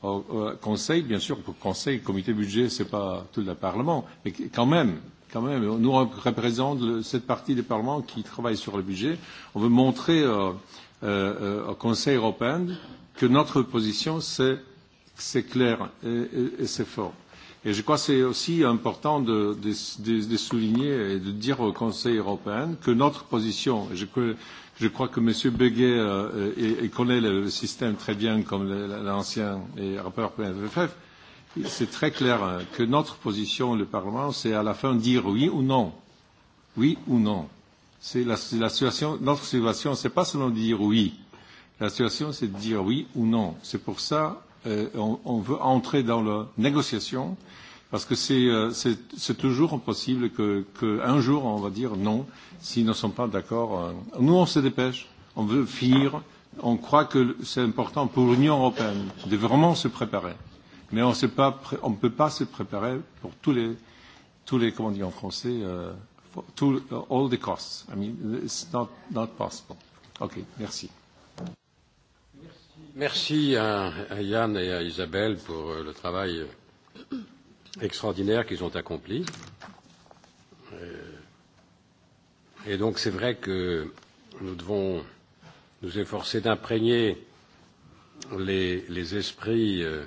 au, au Conseil, bien sûr, le Conseil, le Comité budget, c'est pas tout le Parlement, mais quand même, quand même, nous on représente le, cette partie du Parlement qui travaille sur le budget. On veut montrer euh, euh, au Conseil européen que notre position, c'est, c'est clair et, et, et c'est fort. Et je crois que c'est aussi important de, de, de, de souligner et de dire au Conseil européen que notre position, et je, je crois que Monsieur Béguet euh, connaît le système très bien comme l'ancien rapport PNFF. C'est très clair hein, que notre position, le Parlement, c'est à la fin dire oui ou non. Oui ou non. C'est la, la situation, notre situation, c'est pas seulement dire oui. La situation, c'est de dire oui ou non. C'est pour ça qu'on euh, on, veut entrer dans la négociation. Parce que c'est euh, toujours possible qu'un que jour, on va dire non, s'ils ne sont pas d'accord. Euh, nous, on se dépêche, on veut finir, on croit que c'est important pour l'Union européenne de vraiment se préparer. Mais on ne peut pas se préparer pour tous les, tous les comment on dit en français, euh, for tout, uh, all the costs. I mean, it's not, not possible. OK, merci. Merci à, à Yann et à Isabelle pour euh, le travail extraordinaire qu'ils ont accompli. Et donc c'est vrai que nous devons nous efforcer d'imprégner les, les esprits euh,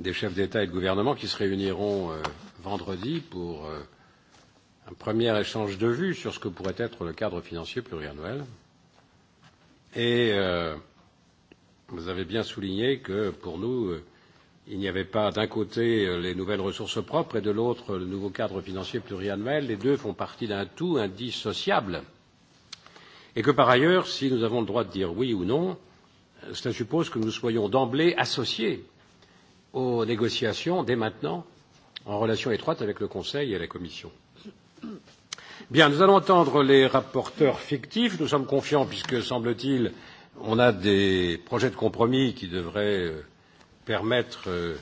des chefs d'État et de gouvernement qui se réuniront euh, vendredi pour euh, un premier échange de vues sur ce que pourrait être le cadre financier pluriannuel. Et euh, vous avez bien souligné que pour nous, euh, il n'y avait pas d'un côté euh, les nouvelles ressources propres et de l'autre le nouveau cadre financier pluriannuel. Les deux font partie d'un tout indissociable. Et que par ailleurs, si nous avons le droit de dire oui ou non, euh, cela suppose que nous soyons d'emblée associés aux négociations dès maintenant en relation étroite avec le Conseil et la Commission. Bien, nous allons entendre les rapporteurs fictifs. Nous sommes confiants puisque, semble-t-il, on a des projets de compromis qui devraient euh, permettre euh,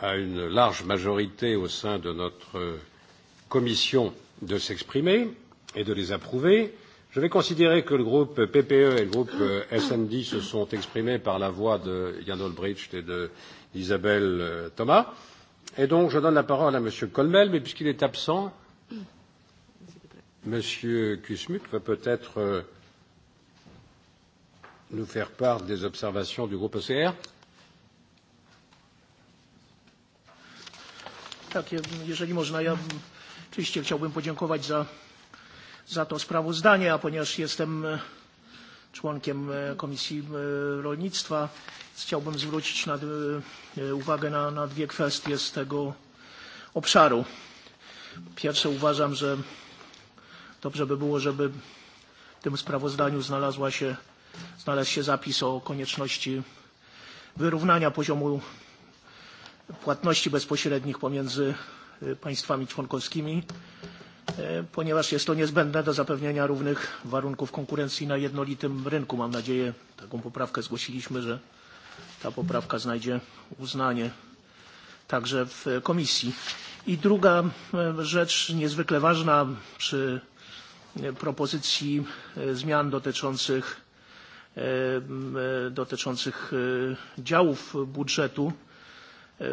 à une large majorité au sein de notre euh, commission de s'exprimer et de les approuver. Je vais considérer que le groupe PPE et le groupe euh, SND se sont exprimés par la voix de Jan Olbricht et d'Isabelle Thomas. Et donc, je donne la parole à M. Colmel, mais puisqu'il est absent, M. Kusmuk va peut-être nous faire part des observations du groupe OCR. E Tak, jeżeli można, ja oczywiście chciałbym podziękować za, za to sprawozdanie, a ponieważ jestem e, członkiem e, Komisji e, Rolnictwa, chciałbym zwrócić na, uwagę na, na dwie kwestie z tego obszaru. Pierwsze uważam, że dobrze by było, żeby w tym sprawozdaniu znalazła się, znalazł się zapis o konieczności wyrównania poziomu płatności bezpośrednich pomiędzy e, państwami członkowskimi, e, ponieważ jest to niezbędne do zapewnienia równych warunków konkurencji na jednolitym rynku. Mam nadzieję, taką poprawkę zgłosiliśmy, że ta poprawka znajdzie uznanie także w komisji. I druga e, rzecz niezwykle ważna przy propozycji zmian dotyczących, dotyczących działów budżetu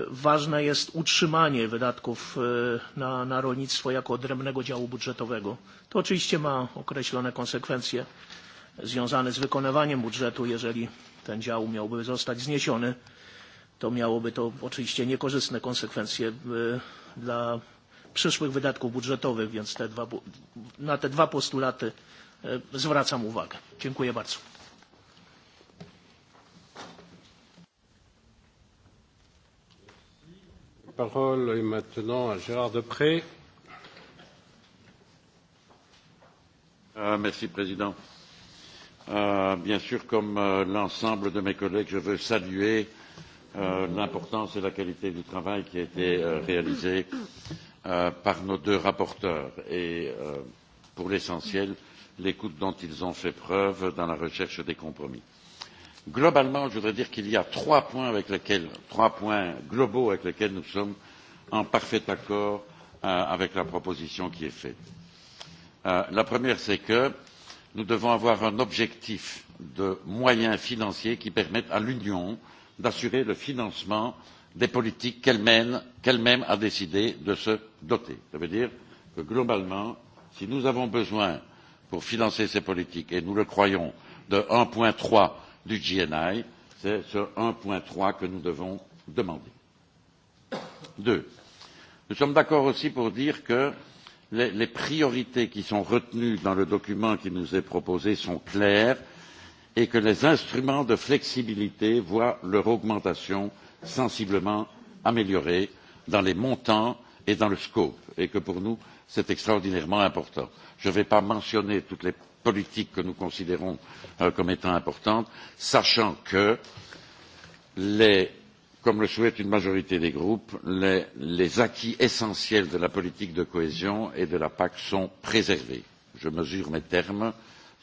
ważne jest utrzymanie wydatków e, na, na rolnictwo jako odrębnego działu budżetowego. To oczywiście ma określone konsekwencje związane z wykonywaniem budżetu. Jeżeli ten dział miałby zostać zniesiony, to miałoby to oczywiście niekorzystne konsekwencje e, dla przyszłych wydatków budżetowych, więc te dwa, na te dwa postulaty e, zwracam uwagę. Dziękuję bardzo. parole est maintenant à Gérard Depré. Euh, ah, merci, Président. Euh, bien sûr, comme euh, l'ensemble de mes collègues, je veux saluer euh, l'importance et la qualité du travail qui a été euh, réalisé euh, par nos deux rapporteurs et, euh, pour l'essentiel, l'écoute dont ils ont fait preuve dans la recherche des compromis globalement je voudrais dire qu'il y a trois points, avec lesquels, trois points globaux avec lesquels nous sommes en parfait accord euh, avec la proposition qui est faite. Euh, la première c'est que nous devons avoir un objectif de moyens financiers qui permette à l'union d'assurer le financement des politiques qu'elle mène qu'elle même a décidé de se doter. cela veut dire que globalement si nous avons besoin pour financer ces politiques et nous le croyons de un trois du GNI. C'est ce un trois que nous devons demander. deuxièmement nous sommes d'accord aussi pour dire que les, les priorités qui sont retenues dans le document qui nous est proposé sont claires et que les instruments de flexibilité voient leur augmentation sensiblement améliorée dans les montants et dans le scope et que pour nous c'est extraordinairement important. je ne vais pas mentionner toutes les politique que nous considérons euh, comme étant importante, sachant que, comme le souhaite une majorité des groupes, les, acquis essentiels de la politique de cohésion et de la PAC sont préservés. Je mesure mes termes,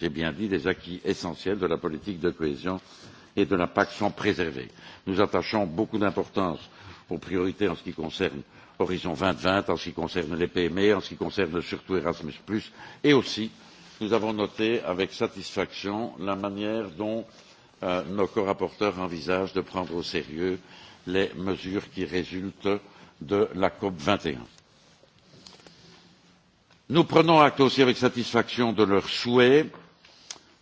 j'ai bien dit les acquis essentiels de la politique de cohésion et de la PAC sont préservés. Nous attachons beaucoup d'importance aux priorités en ce qui concerne Horizon deux mille vingt en ce qui concerne les PME, en ce qui concerne surtout Erasmus, et aussi nous avons noté avec satisfaction la manière dont euh, nos corapporteurs envisagent de prendre au sérieux les mesures qui résultent de la cop. vingt et un nous prenons acte aussi avec satisfaction de leur souhait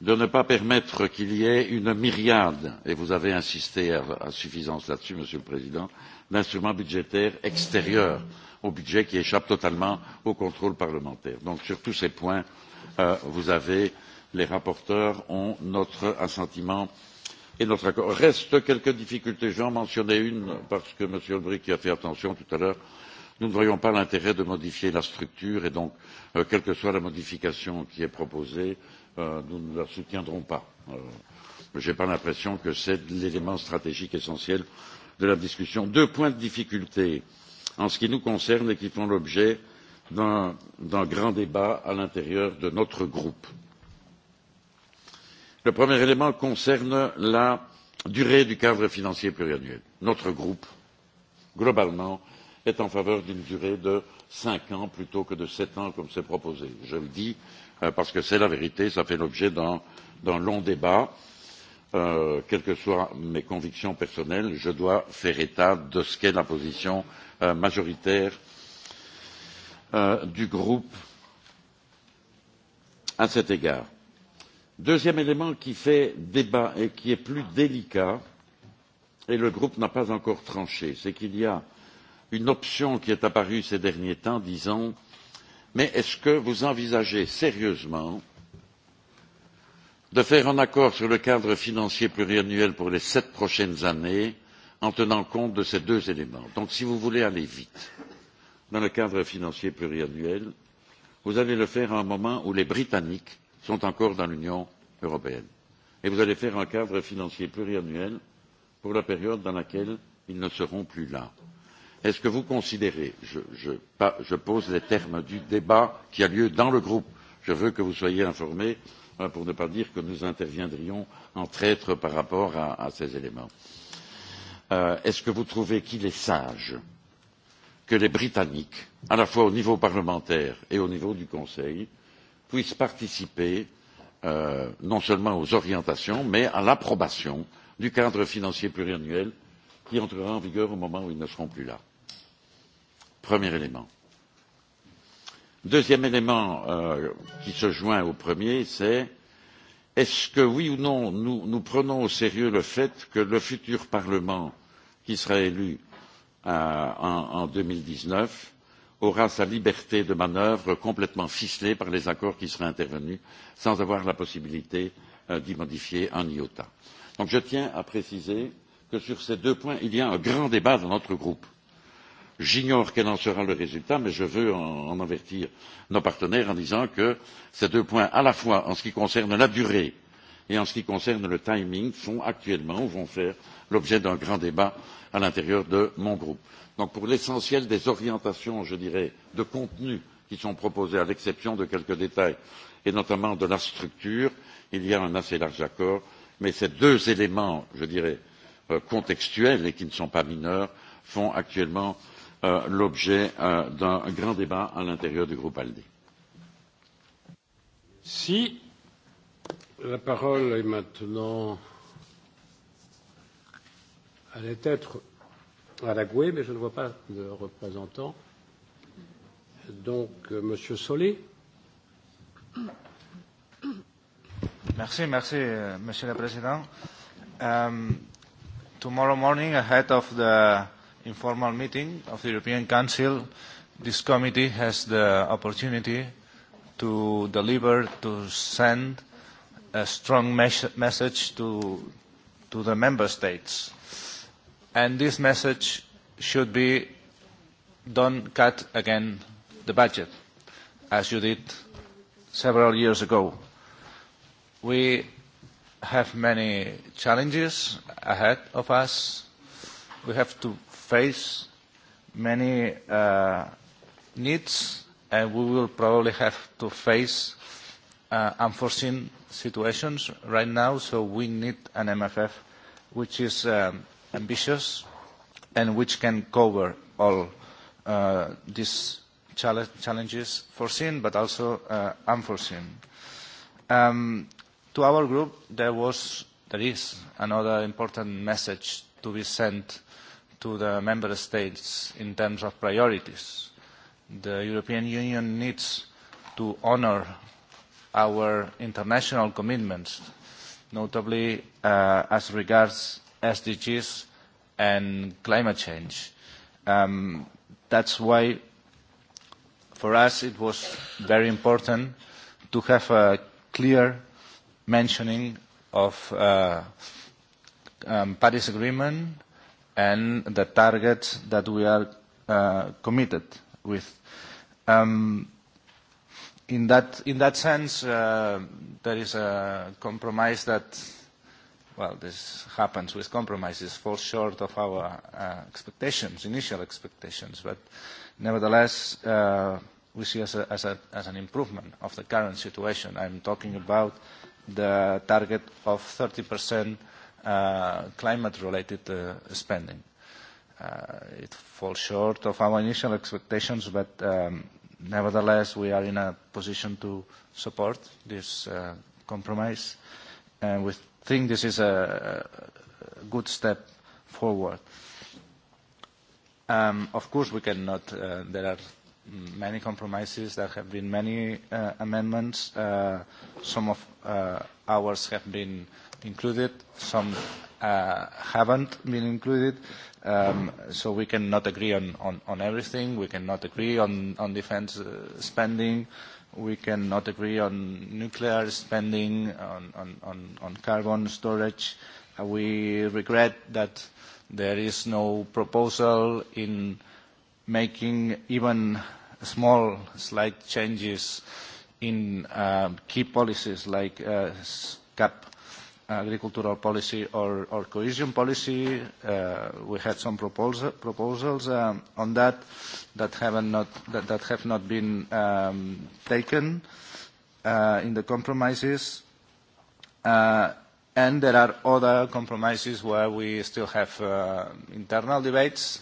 de ne pas permettre qu'il y ait une myriade et vous avez insisté à, à suffisance là dessus monsieur le président d'instruments budgétaires extérieurs au budget qui échappent totalement au contrôle parlementaire. donc sur tous ces points euh, vous avez, les rapporteurs ont notre assentiment et notre accord. Restent quelques difficultés. J'en mentionnais une parce que M. Ulbrich y a fait attention tout à l'heure. Nous ne voyons pas l'intérêt de modifier la structure et donc, euh, quelle que soit la modification qui est proposée, euh, nous ne la soutiendrons pas. Euh, je n'ai pas l'impression que c'est l'élément stratégique essentiel de la discussion. Deux points de difficulté en ce qui nous concerne et qui font l'objet euh, d'un grand débat à l'intérieur de notre groupe. le premier élément concerne la durée du cadre financier pluriannuel. notre groupe globalement est en faveur d'une durée de cinq ans plutôt que de sept ans comme c'est proposé. je le dis euh, parce que c'est la vérité cela fait l'objet d'un long débat. Euh, quelles que soient mes convictions personnelles je dois faire état de ce qu'est la position euh, majoritaire Euh, du groupe à cet égard. Deuxième élément qui fait débat et qui est plus délicat, et le groupe n'a pas encore tranché, c'est qu'il y a une option qui est apparue ces derniers temps disant mais est-ce que vous envisagez sérieusement de faire un accord sur le cadre financier pluriannuel pour les sept prochaines années en tenant compte de ces deux éléments. Donc si vous voulez aller vite, dans le cadre financier pluriannuel vous allez le faire à un moment où les britanniques sont encore dans l'union européenne et vous allez faire un cadre financier pluriannuel pour la période dans laquelle ils ne seront plus là. est ce que vous considérez je, je, pas, je pose les termes du débat qui a lieu dans le groupe je veux que vous soyez informés pour ne pas dire que nous interviendrions en traître par rapport à, à ces éléments. Euh, est ce que vous trouvez qu'il est sage euh, que les britanniques à la fois au niveau parlementaire et au niveau du conseil puissent participer euh, non seulement aux orientations mais à l'approbation du cadre financier pluriannuel qui entrera en vigueur au moment où ils ne seront plus là. premier élément. deuxième élément euh, qui se joint au premier c'est est ce que oui ou non nous, nous prenons au sérieux le fait que le futur parlement qui sera élu euh, en, en 2019 aura sa liberté de manœuvre complètement ficelée par les accords qui seraient intervenus sans avoir la possibilité euh, d'y modifier un iota. je tiens à préciser que sur ces deux points, il y a un grand débat dans notre groupe. J'ignore quel en sera le résultat, mais je veux en, avertir nos partenaires en disant que ces deux points, à la fois en ce qui concerne la durée et en ce qui concerne le timing font actuellement ou vont faire l'objet d'un grand débat à l'intérieur de mon groupe. Donc pour l'essentiel des orientations, je dirais, de contenu qui sont proposées, à l'exception de quelques détails, et notamment de la structure, il y a un assez large accord, mais ces deux éléments, je dirais, euh, contextuels et qui ne sont pas mineurs, font actuellement euh, l'objet euh, d'un grand débat à l'intérieur du groupe ALDE. Si La parole est maintenant allait être à la Gouée, mais je ne vois pas de représentant. Donc, euh, Monsieur Solé. Merci, merci, euh, Monsieur le Président. Um, tomorrow morning, ahead of the informal meeting of the European Council, this committee has the opportunity to deliver, to send a strong mes message to, to the member states. And this message should be don't cut again the budget, as you did several years ago. We have many challenges ahead of us. We have to face many uh, needs, and we will probably have to face Uh, unforeseen situations right now, so we need an MFF which is um, ambitious and which can cover all uh, these challenges foreseen but also uh, unforeseen. Um, to our group, there was, there is another important message to be sent to the member states in terms of priorities. The European Union needs to honor our international commitments, notably uh, as regards SDGs and climate change. Um, that's why for us it was very important to have a clear mentioning of uh, um, Paris Agreement and the targets that we are uh, committed with. Um, in that in that sense, uh, there is a compromise that, well, this happens with compromises, falls short of our uh, expectations, initial expectations. But nevertheless, uh, we see as, a, as, a, as an improvement of the current situation. I'm talking about the target of 30% uh, climate-related uh, spending. Uh, it falls short of our initial expectations, but um, Nevertheless, we are in a position to support this uh, compromise, and we think this is a, a good step forward. Um, of course, we cannot. Uh, there are many compromises. There have been many uh, amendments. Uh, some of uh, ours have been uh, included, some uh, haven't been included. Um, so we cannot agree on, on, on everything. We cannot agree on, on defense uh, spending. We cannot agree on nuclear spending, on, on, on, on carbon storage. Uh, we regret that there is no proposal in making even small, slight changes in uh, key policies like uh, CAP Uh, agricultural policy or, or cohesion policy. Uh, we had some proposal, proposals uh, on that that, haven't not, that, that have not been um, taken uh, in the compromises. Uh, and there are other compromises where we still have uh, internal debates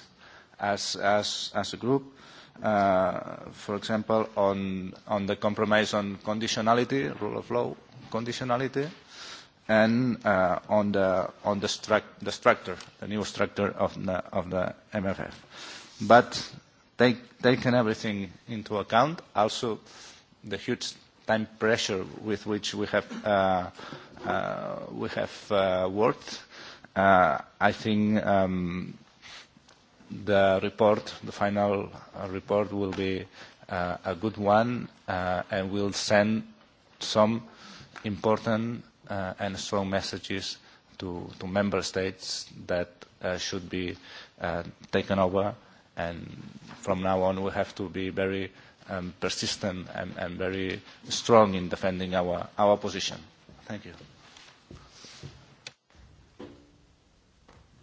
as, as, as a group. Uh, for example, on, on the compromise on conditionality, rule of law conditionality and uh, on the structure, the new structure of the MFF. But taking everything into account, also the huge time pressure with which we have uh, uh, worked, I think um, the report, the final report, will be a good one and will send some important uh, and strong messages to, to member states that uh, should be uh, taken over. And from now on, we have to be very um, persistent and, and very strong in defending our, our position. Thank you.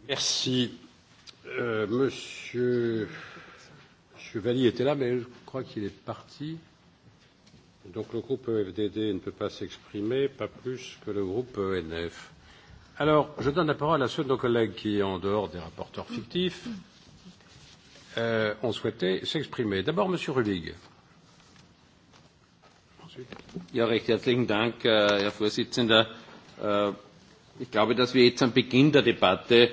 Merci. Euh, monsieur, monsieur Valli était là, mais je crois qu'il est parti. Euh, Donc le groupe EFDD ne peut pas s'exprimer, pas plus que le groupe ENF. Alors, je donne la parole à ceux de nos collègues qui, en dehors des rapporteurs fictifs, euh, ont souhaité s'exprimer. D'abord, Monsieur Rüdig. Ja, recht herzlichen Dank, äh, Herr Vorsitzender. Äh, ich glaube, dass wir jetzt am Beginn der Debatte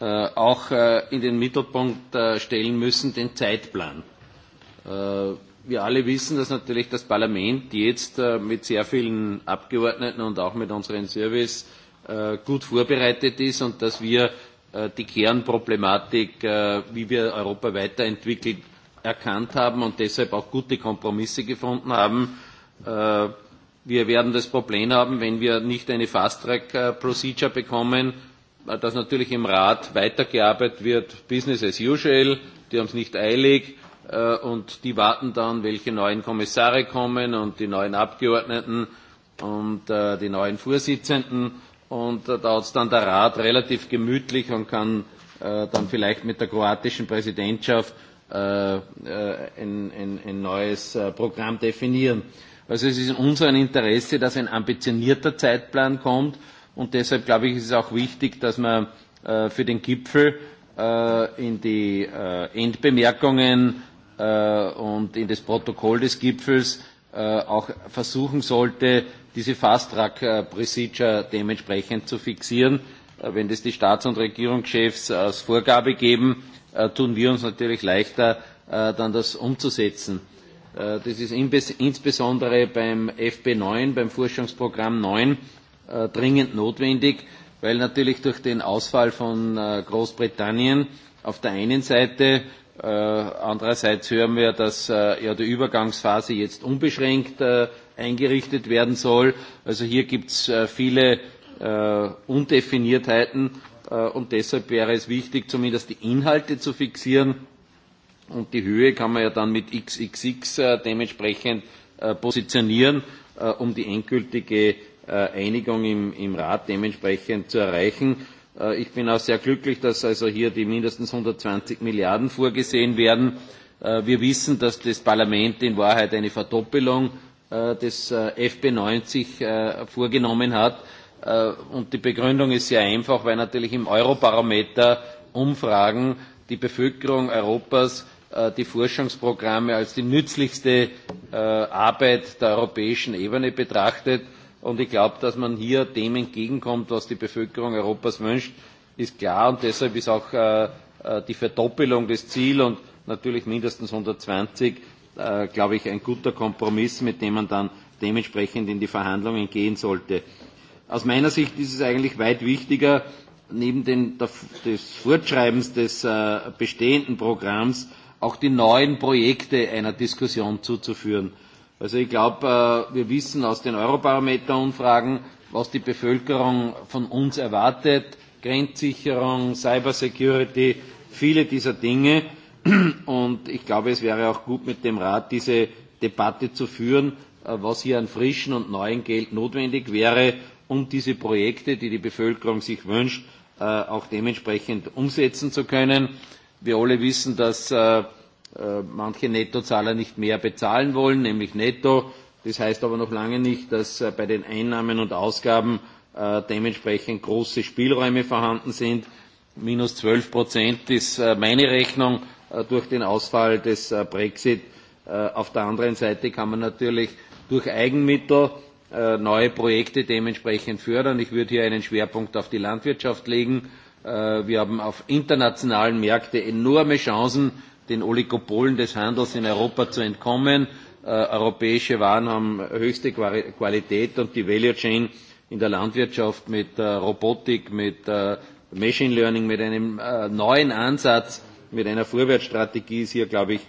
äh, auch in den Mittelpunkt stellen müssen den Zeitplan wir alle wissen, dass natürlich das Parlament jetzt äh, mit sehr vielen Abgeordneten und auch mit unseren Service äh, gut vorbereitet ist und dass wir äh, die Kernproblematik, wie wir Europa weiterentwickeln, erkannt haben und deshalb auch gute Kompromisse gefunden haben. Wir werden das Problem haben, wenn wir nicht eine Fast-Track-Procedure bekommen, dass natürlich im Rat weitergearbeitet wird, Business as usual, die haben es nicht eilig Äh, und die warten dann, welche neuen Kommissare kommen und die neuen Abgeordneten und äh, die neuen Vorsitzenden. Und äh, da hat es dann der Rat relativ gemütlich und kann äh, dann vielleicht mit der kroatischen Präsidentschaft äh, äh, ein, ein, ein neues äh, Programm definieren. Also es ist in unserem Interesse, dass ein ambitionierter Zeitplan kommt. Und deshalb glaube ich, ist es auch wichtig, dass man äh, für den Gipfel äh, in die äh, Endbemerkungen Äh, und in das Protokoll des Gipfels äh, auch versuchen sollte, diese Fast-Track-Procedure äh, dementsprechend zu fixieren. wenn das die Staats- und Regierungschefs als Vorgabe geben, tun wir uns natürlich leichter, dann das umzusetzen. das ist insbesondere beim FP9, beim Forschungsprogramm 9, dringend notwendig, weil natürlich durch den Ausfall von Großbritannien auf der einen Seite Äh, andererseits hören wir, dass äh, ja die Übergangsphase jetzt unbeschränkt äh, eingerichtet werden soll. Also hier gibt es viele Undefiniertheiten und deshalb wäre es wichtig, zumindest die Inhalte zu fixieren. Und die Höhe kann man ja dann mit XXX dementsprechend positionieren, um die endgültige Einigung im, Rat dementsprechend zu erreichen. Äh, ich bin auch sehr glücklich, dass also hier die mindestens 120 Milliarden vorgesehen werden. Äh, wir wissen, dass das Parlament in Wahrheit eine Verdoppelung äh, des FP90 vorgenommen hat. Und die Begründung ist sehr einfach, weil natürlich im Eurobarometer Umfragen die Bevölkerung Europas die Forschungsprogramme als die nützlichste Arbeit der europäischen Ebene betrachtet Und ich glaube, dass man hier dem entgegenkommt, was die Bevölkerung Europas wünscht, ist klar. Und deshalb ist auch äh, äh die Verdoppelung des Ziels und natürlich mindestens 120, äh, glaube ich, ein guter Kompromiss, mit dem man dann dementsprechend in die Verhandlungen gehen sollte. Aus meiner Sicht ist es eigentlich weit wichtiger, neben den, der, des Fortschreibens des äh, bestehenden Programms auch die neuen Projekte einer Diskussion zuzuführen. Also ich glaube, äh, wir wissen aus den Eurobarometer-Umfragen, was die Bevölkerung von uns erwartet. Grenzsicherung, Cybersecurity, viele dieser Dinge. Und ich glaube, es wäre auch gut, mit dem Rat diese Debatte zu führen, äh, was hier an frischen und neuen Geld notwendig wäre, um diese Projekte, die die Bevölkerung sich wünscht, äh, auch dementsprechend umsetzen zu können. Wir alle wissen, dass Äh, manche Nettozahler nicht mehr bezahlen wollen, nämlich netto. Das heißt aber noch lange nicht, dass äh, bei den Einnahmen und Ausgaben äh, dementsprechend große Spielräume vorhanden sind. Minus 12 Prozent ist meine Rechnung durch den Ausfall des Brexit. Auf der anderen Seite kann man natürlich durch Eigenmittel neue Projekte dementsprechend fördern. Ich würde hier einen Schwerpunkt auf die Landwirtschaft legen. Wir haben auf internationalen Märkten enorme Chancen, den Oligopolen des Handels in Europa zu entkommen. Äh, europäische Waren haben höchste Qualität und die Value Chain in der Landwirtschaft mit äh, Robotik, mit äh, Machine Learning, mit einem neuen Ansatz, mit einer Vorwärtsstrategie ist hier, glaube ich,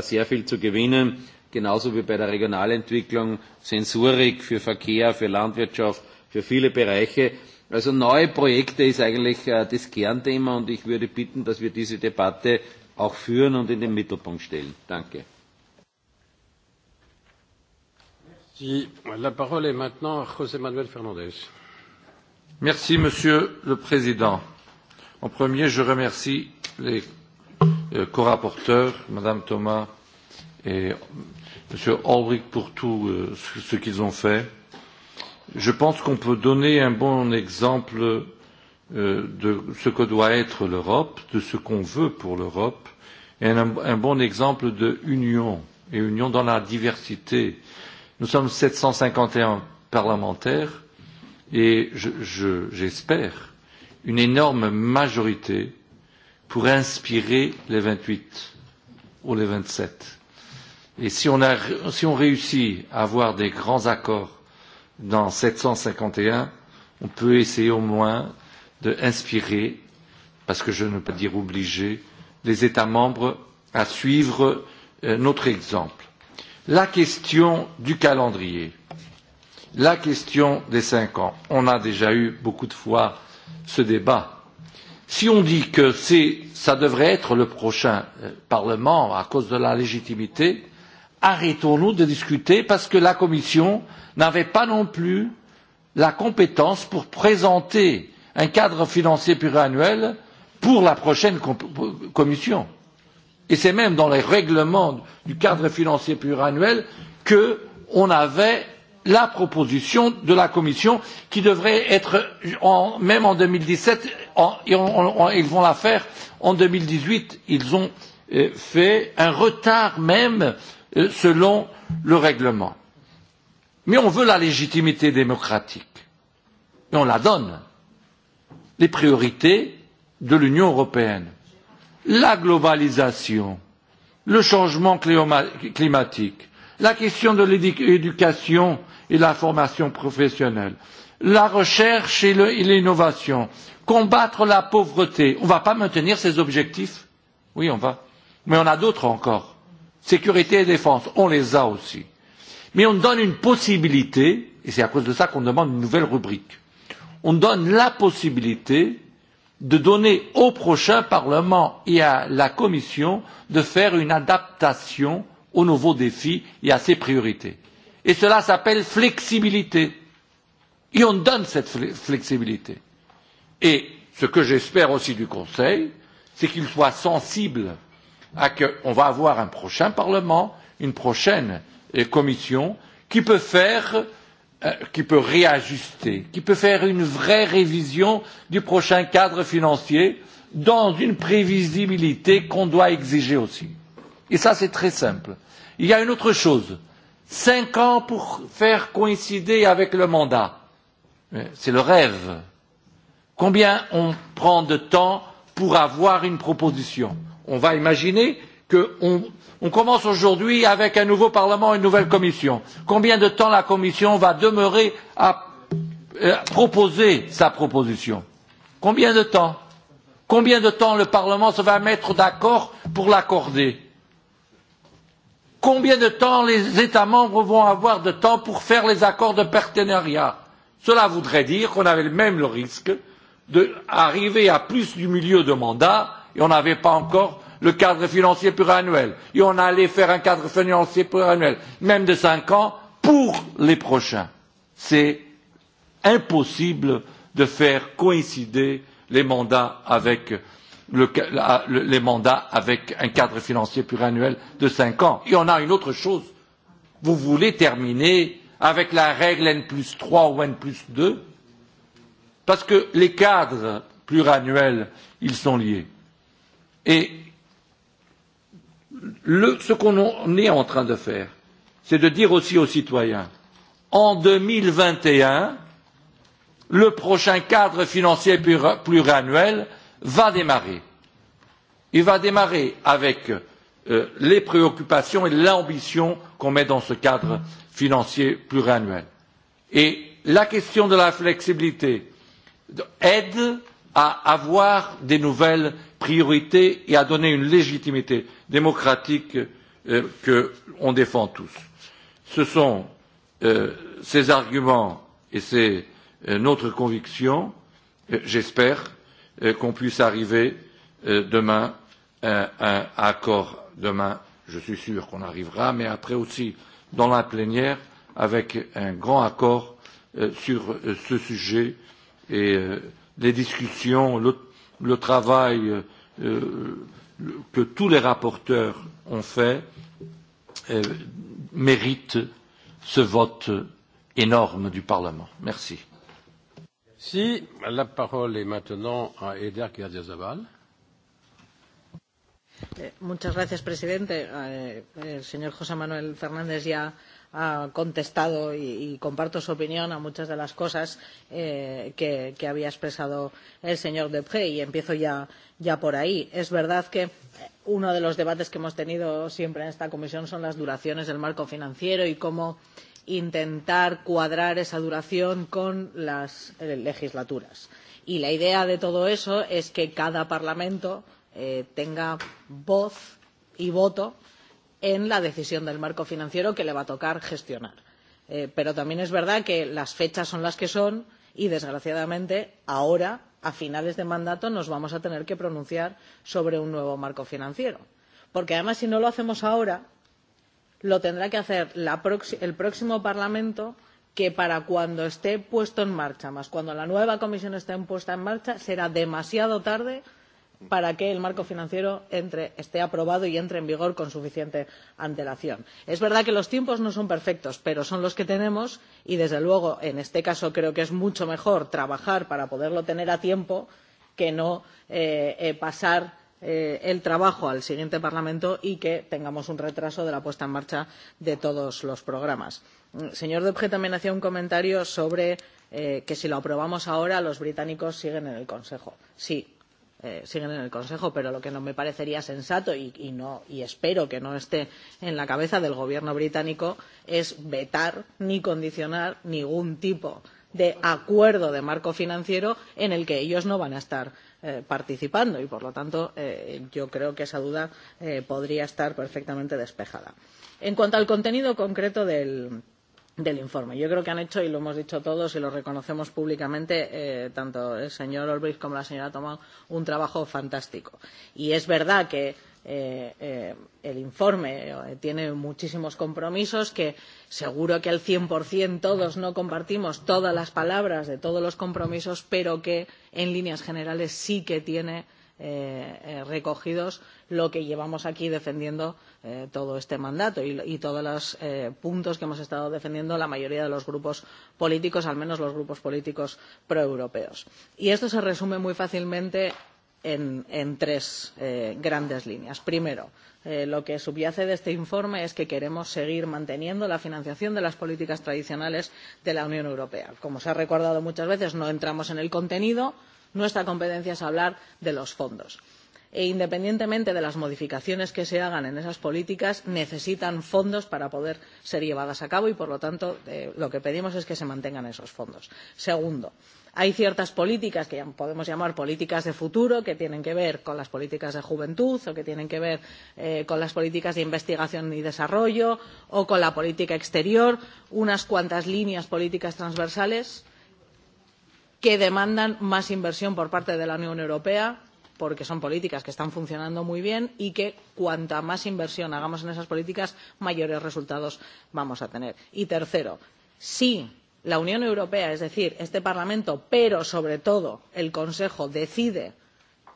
sehr viel zu gewinnen. Genauso wie bei der Regionalentwicklung, Sensorik für Verkehr, für Landwirtschaft, für viele Bereiche. Also neue Projekte ist eigentlich das Kernthema und ich würde bitten, dass wir diese Debatte auch führen und in den Mittelpunkt stellen. Danke. La parole est maintenant à José Manuel Fernandez. Merci, Monsieur le Président. En premier, je remercie les euh, co-rapporteurs, Madame Thomas et euh, Monsieur Albrecht pour tout euh, ce qu'ils ont fait. Je pense qu'on peut donner un bon exemple euh, Euh, de ce que doit être l'Europe, de ce qu'on veut pour l'Europe, et un, un bon exemple de union et union dans la diversité. Nous sommes 751 parlementaires et j'espère je, je, une énorme majorité pour inspirer les 28 ou les 27. Et si on, a, si on réussit à avoir des grands accords dans 751, on peut essayer au moins de inspirer, parce que je ne veux pas dire obliger, les États membres à suivre euh, notre exemple. La question du calendrier, la question des cinq ans, on a déjà eu beaucoup de fois ce débat. Si on dit que ça devrait être le prochain euh, Parlement à cause de la légitimité, arrêtons-nous de discuter parce que la Commission n'avait pas non plus la compétence pour présenter euh, un cadre financier pluriannuel pour la prochaine commission. Et c'est même dans les règlements du cadre financier pluriannuel qu'on avait la proposition de la Commission qui devrait être, en, même en 2017, en, et on, on, ils vont la faire en 2018, ils ont euh, fait un retard même euh, selon le règlement. Mais on veut la légitimité démocratique. Et on la donne les priorités de l'Union européenne. La globalisation, le changement climatique, la question de l'éducation et la formation professionnelle, la recherche et l'innovation, combattre la pauvreté. On ne va pas maintenir ces objectifs Oui, on va. Mais on a d'autres encore. Sécurité et défense, on les a aussi. Mais on donne une possibilité, et c'est à cause de ça qu'on demande une nouvelle rubrique on donne la possibilité de donner au prochain Parlement et à la Commission de faire une adaptation aux nouveaux défis et à ses priorités. Et cela s'appelle flexibilité. Et on donne cette flexibilité. Et ce que j'espère aussi du Conseil, c'est qu'il soit sensible à ce qu'on va avoir un prochain Parlement, une prochaine euh, Commission qui peut faire Euh, qui peut réajuster, qui peut faire une vraie révision du prochain cadre financier dans une prévisibilité qu'on doit exiger aussi. Et ça, c'est très simple. Il y a une autre chose. Cinq ans pour faire coïncider avec le mandat. Euh, c'est le rêve. Combien on prend de temps pour avoir une proposition On va imaginer qu'on commence aujourd'hui avec un nouveau Parlement et une nouvelle Commission. Combien de temps la Commission va demeurer à euh, proposer sa proposition Combien de temps Combien de temps le Parlement se va mettre d'accord pour l'accorder Combien de temps les États membres vont avoir de temps pour faire les accords de partenariat Cela voudrait dire qu'on avait même le risque d'arriver à plus du milieu du mandat et on n'avait pas encore le cadre financier pluriannuel et on allait faire un cadre financier pluriannuel, même de cinq ans, pour les prochains. C'est impossible de faire coïncider les mandats avec le, la, le, les mandats avec un cadre financier pluriannuel de cinq ans. Et on a une autre chose. Vous voulez terminer avec la règle N plus 3 ou N plus 2 Parce que les cadres pluriannuels, ils sont liés. Et le, ce qu'on est en train de faire, c'est de dire aussi aux citoyens en deux mille vingt et un le prochain cadre financier pluriannuel va démarrer. Il va démarrer avec euh, les préoccupations et l'ambition qu'on met dans ce cadre financier pluriannuel. Et la question de la flexibilité aide à avoir des nouvelles priorité et à donner une légitimité démocratique euh, que l'on défend tous. Ce sont euh, ces arguments et c'est euh, notre conviction, euh, j'espère euh, qu'on puisse arriver euh, demain à un accord demain, je suis sûr qu'on arrivera, mais après aussi dans la plénière avec un grand accord euh, sur euh, ce sujet et euh, les discussions, le le travail euh, euh, que tous les rapporteurs ont fait euh, mérite ce vote énorme du Parlement. Merci. Si, la parole est maintenant à Eder Kirdiazabal. Eh, muchas gracias, presidente. Eh, el señor José Manuel Fernández ya. Ya ha contestado y, y comparto su opinión a muchas de las cosas eh, que, que había expresado el señor Depré y empiezo ya, ya por ahí. Es verdad que uno de los debates que hemos tenido siempre en esta comisión son las duraciones del marco financiero y cómo intentar cuadrar esa duración con las eh, legislaturas. Y la idea de todo eso es que cada Parlamento eh, tenga voz y voto en la decisión del marco financiero que le va a tocar gestionar. Eh, pero también es verdad que las fechas son las que son y, desgraciadamente, ahora, a finales de mandato, nos vamos a tener que pronunciar sobre un nuevo marco financiero. Porque, además, si no lo hacemos ahora, lo tendrá que hacer la el próximo Parlamento que para cuando esté puesto en marcha, más cuando la nueva comisión esté puesta en marcha, será demasiado tarde para que el marco financiero entre, esté aprobado y entre en vigor con suficiente antelación. Es verdad que los tiempos no son perfectos, pero son los que tenemos y, desde luego, en este caso creo que es mucho mejor trabajar para poderlo tener a tiempo que no eh, eh, pasar eh, el trabajo al siguiente Parlamento y que tengamos un retraso de la puesta en marcha de todos los programas. El señor Debge también hacía un comentario sobre eh, que si lo aprobamos ahora los británicos siguen en el Consejo. Sí, eh, siguen en el Consejo, pero lo que no me parecería sensato y, y, no, y espero que no esté en la cabeza del Gobierno británico es vetar ni condicionar ningún tipo de acuerdo de marco financiero en el que ellos no van a estar eh, participando y, por lo tanto, eh, yo creo que esa duda eh, podría estar perfectamente despejada. En cuanto al contenido concreto del, del informe. Yo creo que han hecho, y lo hemos dicho todos y lo reconocemos públicamente, eh, tanto el señor Olbrich como la señora Tomán, un trabajo fantástico. Y es verdad que eh, eh, el informe eh, tiene muchísimos compromisos que seguro que al 100% todos no compartimos todas las palabras de todos los compromisos, pero que en líneas generales sí que tiene Eh, eh, recogidos lo que llevamos aquí defendiendo eh, todo este mandato y, y todos los eh, puntos que hemos estado defendiendo la mayoría de los grupos políticos, al menos los grupos políticos proeuropeos. Y esto se resume muy fácilmente en, en tres eh, grandes líneas. Primero, eh, lo que subyace de este informe es que queremos seguir manteniendo la financiación de las políticas tradicionales de la Unión Europea. Como se ha recordado muchas veces, no entramos en el contenido, nuestra competencia es hablar de los fondos e independientemente de las modificaciones que se hagan en esas políticas necesitan fondos para poder ser llevadas a cabo y por lo tanto eh, lo que pedimos es que se mantengan esos fondos. segundo hay ciertas políticas que podemos llamar políticas de futuro que tienen que ver con las políticas de juventud o que tienen que ver eh, con las políticas de investigación y desarrollo o con la política exterior unas cuantas líneas políticas transversales que que demandan más inversión por parte de la Unión Europea, porque son políticas que están funcionando muy bien y que cuanta más inversión hagamos en esas políticas, mayores resultados vamos a tener. Y tercero, si la Unión Europea, es decir, este Parlamento, pero sobre todo el Consejo, decide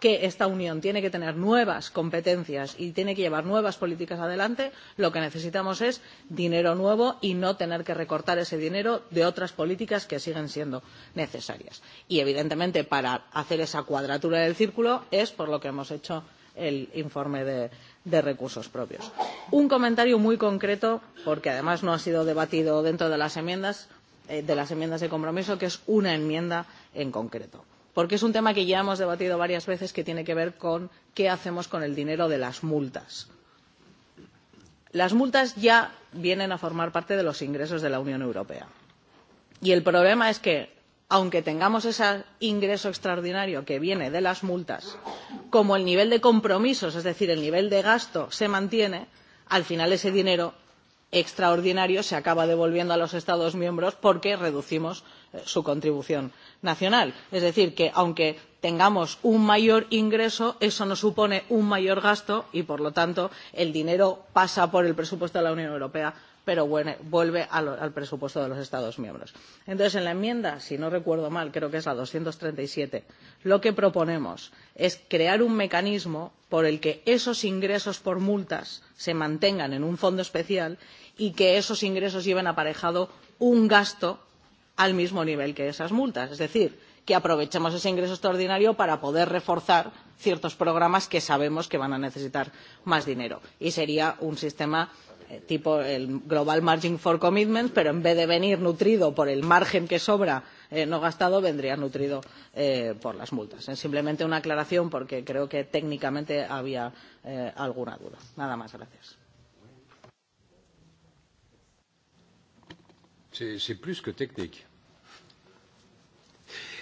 que esta Unión tiene que tener nuevas competencias y tiene que llevar nuevas políticas adelante, lo que necesitamos es dinero nuevo y no tener que recortar ese dinero de otras políticas que siguen siendo necesarias. Y, evidentemente, para hacer esa cuadratura del círculo es por lo que hemos hecho el informe de, de recursos propios. Un comentario muy concreto, porque además no ha sido debatido dentro de las enmiendas, eh, de las enmiendas de compromiso, que es una enmienda en concreto porque es un tema que ya hemos debatido varias veces que tiene que ver con qué hacemos con el dinero de las multas. Las multas ya vienen a formar parte de los ingresos de la Unión Europea. Y el problema es que, aunque tengamos ese ingreso extraordinario que viene de las multas, como el nivel de compromisos, es decir, el nivel de gasto, se mantiene, al final ese dinero extraordinario se acaba devolviendo a los Estados miembros porque reducimos eh, su contribución nacional. Es decir, que aunque tengamos un mayor ingreso, eso no supone un mayor gasto y, por lo tanto, el dinero pasa por el presupuesto de la Unión Europea pero vuelve al, al presupuesto de los Estados miembros. Entonces, en la enmienda, si no recuerdo mal, creo que es la 237, lo que proponemos es crear un mecanismo por el que esos ingresos por multas se mantengan en un fondo especial y que esos ingresos lleven aparejado un gasto al mismo nivel que esas multas. Es decir, que aprovechemos ese ingreso extraordinario para poder reforzar ciertos programas que sabemos que van a necesitar más dinero. Y sería un sistema eh, tipo el Global Margin for Commitments, pero en vez de venir nutrido por el margen que sobra eh, no gastado, vendría nutrido eh, por las multas. Es simplemente una aclaración porque creo que técnicamente había eh, alguna duda. Nada más, gracias. C'est plus que technique.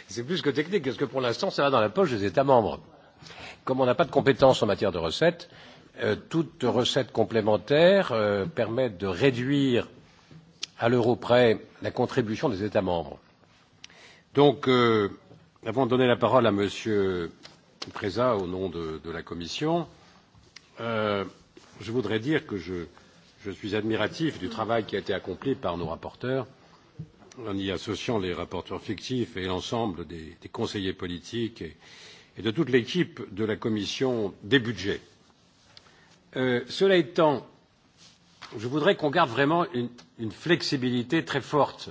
C'est plus que technique, parce que pour l'instant, ça va dans la poche des États membres. Comme on n'a pas de compétences en matière de recettes, euh, toute recette complémentaire euh, permet de réduire à l'euro près la contribution des États membres. Donc, euh, avant de donner la parole à Monsieur Preza au nom de, de la Commission, euh, je voudrais dire que je, euh, je suis admiratif du travail qui a été accompli par nos rapporteurs en y associant les rapporteurs fictifs et l'ensemble des, des conseillers politiques et, et de toute l'équipe de la commission des budgets. Euh, cela étant, je voudrais qu'on garde vraiment une, une flexibilité très forte.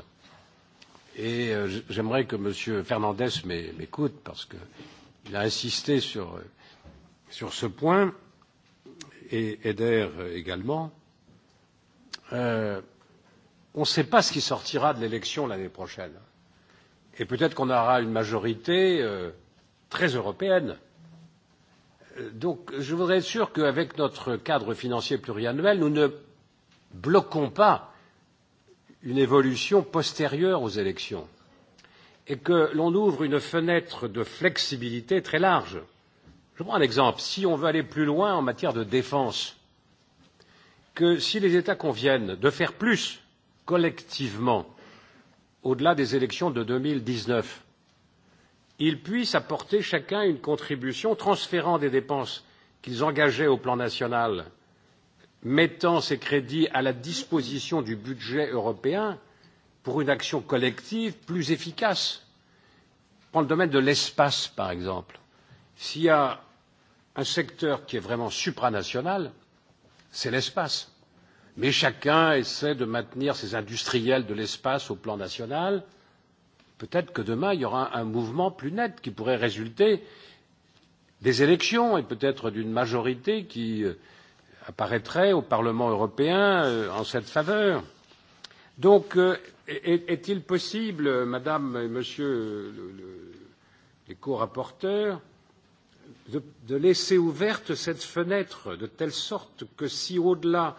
Et euh, j'aimerais que M. Fernandez m'écoute parce qu'il a insisté sur, euh, sur ce point et Eder également euh, on ne sait pas ce qui sortira de l'élection l'année prochaine. Et peut-être qu'on aura une majorité euh, très européenne. Euh, donc, je voudrais être sûr qu'avec notre cadre financier pluriannuel, nous ne bloquons pas une évolution postérieure aux élections et que l'on ouvre une fenêtre de flexibilité très large. Je prends un exemple. Si on veut aller plus loin en matière de défense, que si les États conviennent de faire plus collectivement au-delà des élections de 2019, ils puissent apporter chacun une contribution transférant des dépenses qu'ils engageaient au plan national, mettant ces crédits à la disposition du budget européen pour une action collective plus efficace. Dans le domaine de l'espace, par exemple, s'il y a un secteur qui est vraiment supranational, c'est l'espace. Mais chacun essaie de maintenir ses industriels de l'espace au plan national. Peut-être que demain, il y aura un mouvement plus net qui pourrait résulter des élections et peut-être d'une majorité qui euh, apparaîtrait au Parlement européen euh, en cette faveur. Donc, euh, est-il possible, Madame et Monsieur les co-rapporteurs, de, de laisser ouverte cette fenêtre de telle sorte que si au-delà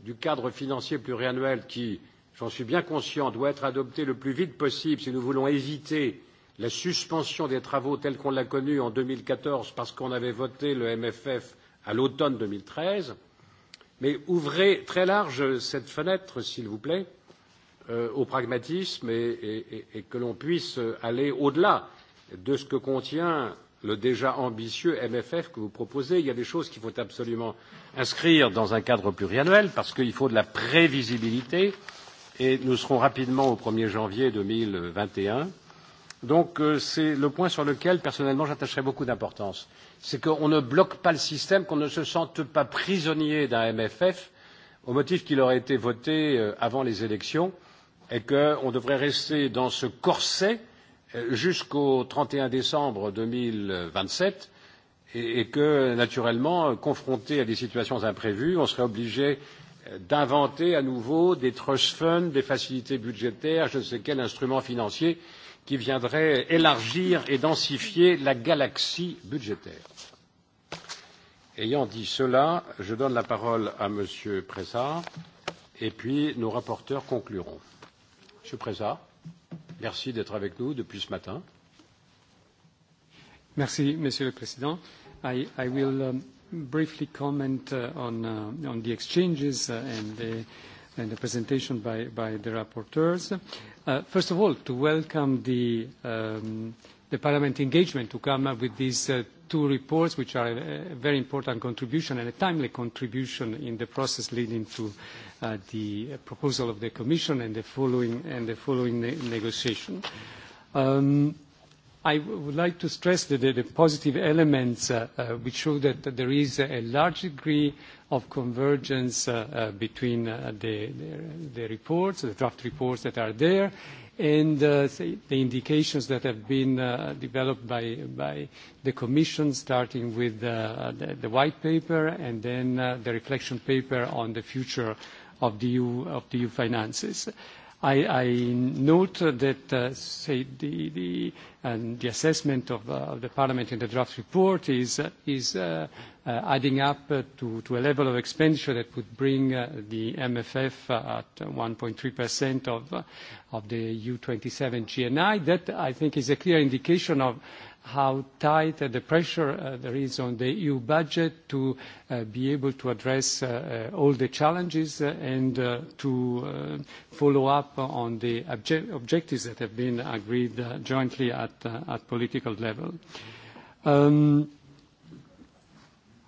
du cadre financier pluriannuel qui, j'en suis bien conscient, doit être adopté le plus vite possible si nous voulons éviter la suspension des travaux telle qu'on l'a connue en 2014 parce qu'on avait voté le MFF à l'automne 2013, mais ouvrez très large cette fenêtre, s'il vous plaît, euh, au pragmatisme et, et, et, et que l'on puisse aller au-delà de ce que contient le déjà ambitieux MFF que vous proposez. Il y a des choses qu'il faut absolument inscrire dans un cadre pluriannuel parce qu'il faut de la prévisibilité et nous serons rapidement au 1er janvier 2021. Donc euh, c'est le point sur lequel personnellement j'attacherai beaucoup d'importance. C'est qu'on ne bloque pas le système, qu'on ne se sente pas prisonnier d'un MFF au motif qu'il aurait été voté euh, avant les élections et qu'on devrait rester dans ce corset euh, jusqu'au 31 décembre 2027 et, et que, naturellement, confronté à des situations imprévues, on serait obligé d'inventer à nouveau des trust funds, des facilités budgétaires, je ne sais quel instrument financier qui viendrait élargir et densifier la galaxie budgétaire. Ayant dit cela, je donne la parole à M. Pressat et puis nos rapporteurs concluront. Monsieur Pressat. Merci d'être avec nous depuis ce matin. Merci, Monsieur le Président. I, I will um, briefly comment uh, on, uh, on the exchanges uh, and the and the presentation by, by the rapporteurs. Uh, first of all, to welcome the um, the Parliament engagement to come up with these uh, two reports, which are a, a very important contribution and a timely contribution in the process leading to uh, the proposal of the Commission and the following, and the following ne negotiation. Um, I would like to stress that the, the positive elements uh, uh, which show that, that there is a large degree of convergence uh, uh between uh, the, the, the reports, the draft reports that are there, and uh, the indications that have been uh, developed by, the Commission, starting with uh, the, white paper and then the reflection paper on the future of the EU finances. I, note that uh, say the, assessment uh, of, the Parliament in the draft report is, uh, adding up to, a level of expenditure that would bring the MFF at 1.3% of, of the EU 27 GNI. That, I think, is a clear indication of how tight the pressure uh, there is on the EU budget to uh, be able to address uh, all the challenges and to follow up on the objectives that have been agreed jointly at, at political level. Um,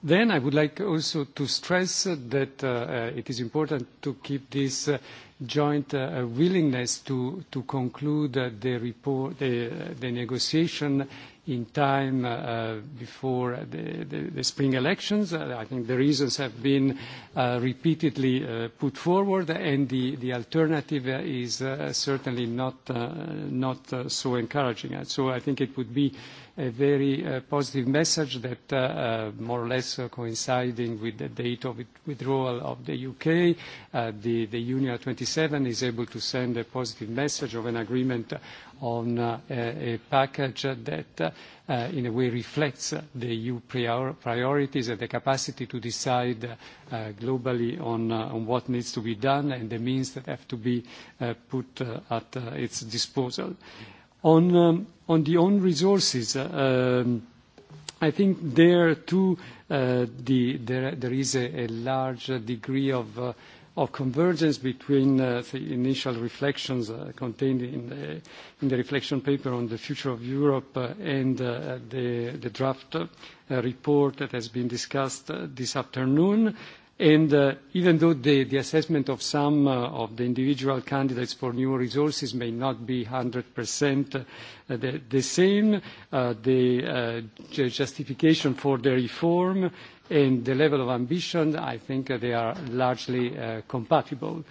Then I would like also to stress that uh, it is important to keep this uh, joint uh, willingness to, to conclude the, report, the, the negotiation in time uh, uh, before the, spring elections. Uh, I think the reasons have been repeatedly put forward, and the, the alternative is certainly not, not so encouraging. So I think it would be a very uh, positive message that uh, uh, more or less coinciding with the date of withdrawal of the U.K., the, the Union of 27 is able to send a positive message of an agreement on a package that in a way reflects the EU priorities and the capacity to decide globally on what needs to be done and the means that have to be put at its disposal. Um, on, the own resources, uh, um, I think there too, uh, there, is a, large degree of, uh, convergence between the initial reflections contained in the, reflection paper on the future of Europe and the draft report that has been discussed this afternoon. Uh, even though the, assessment of some uh, of the individual candidates for new resources may not be 100% uh, the same, the justification for the reform and the level of ambition, I think they are largely compatible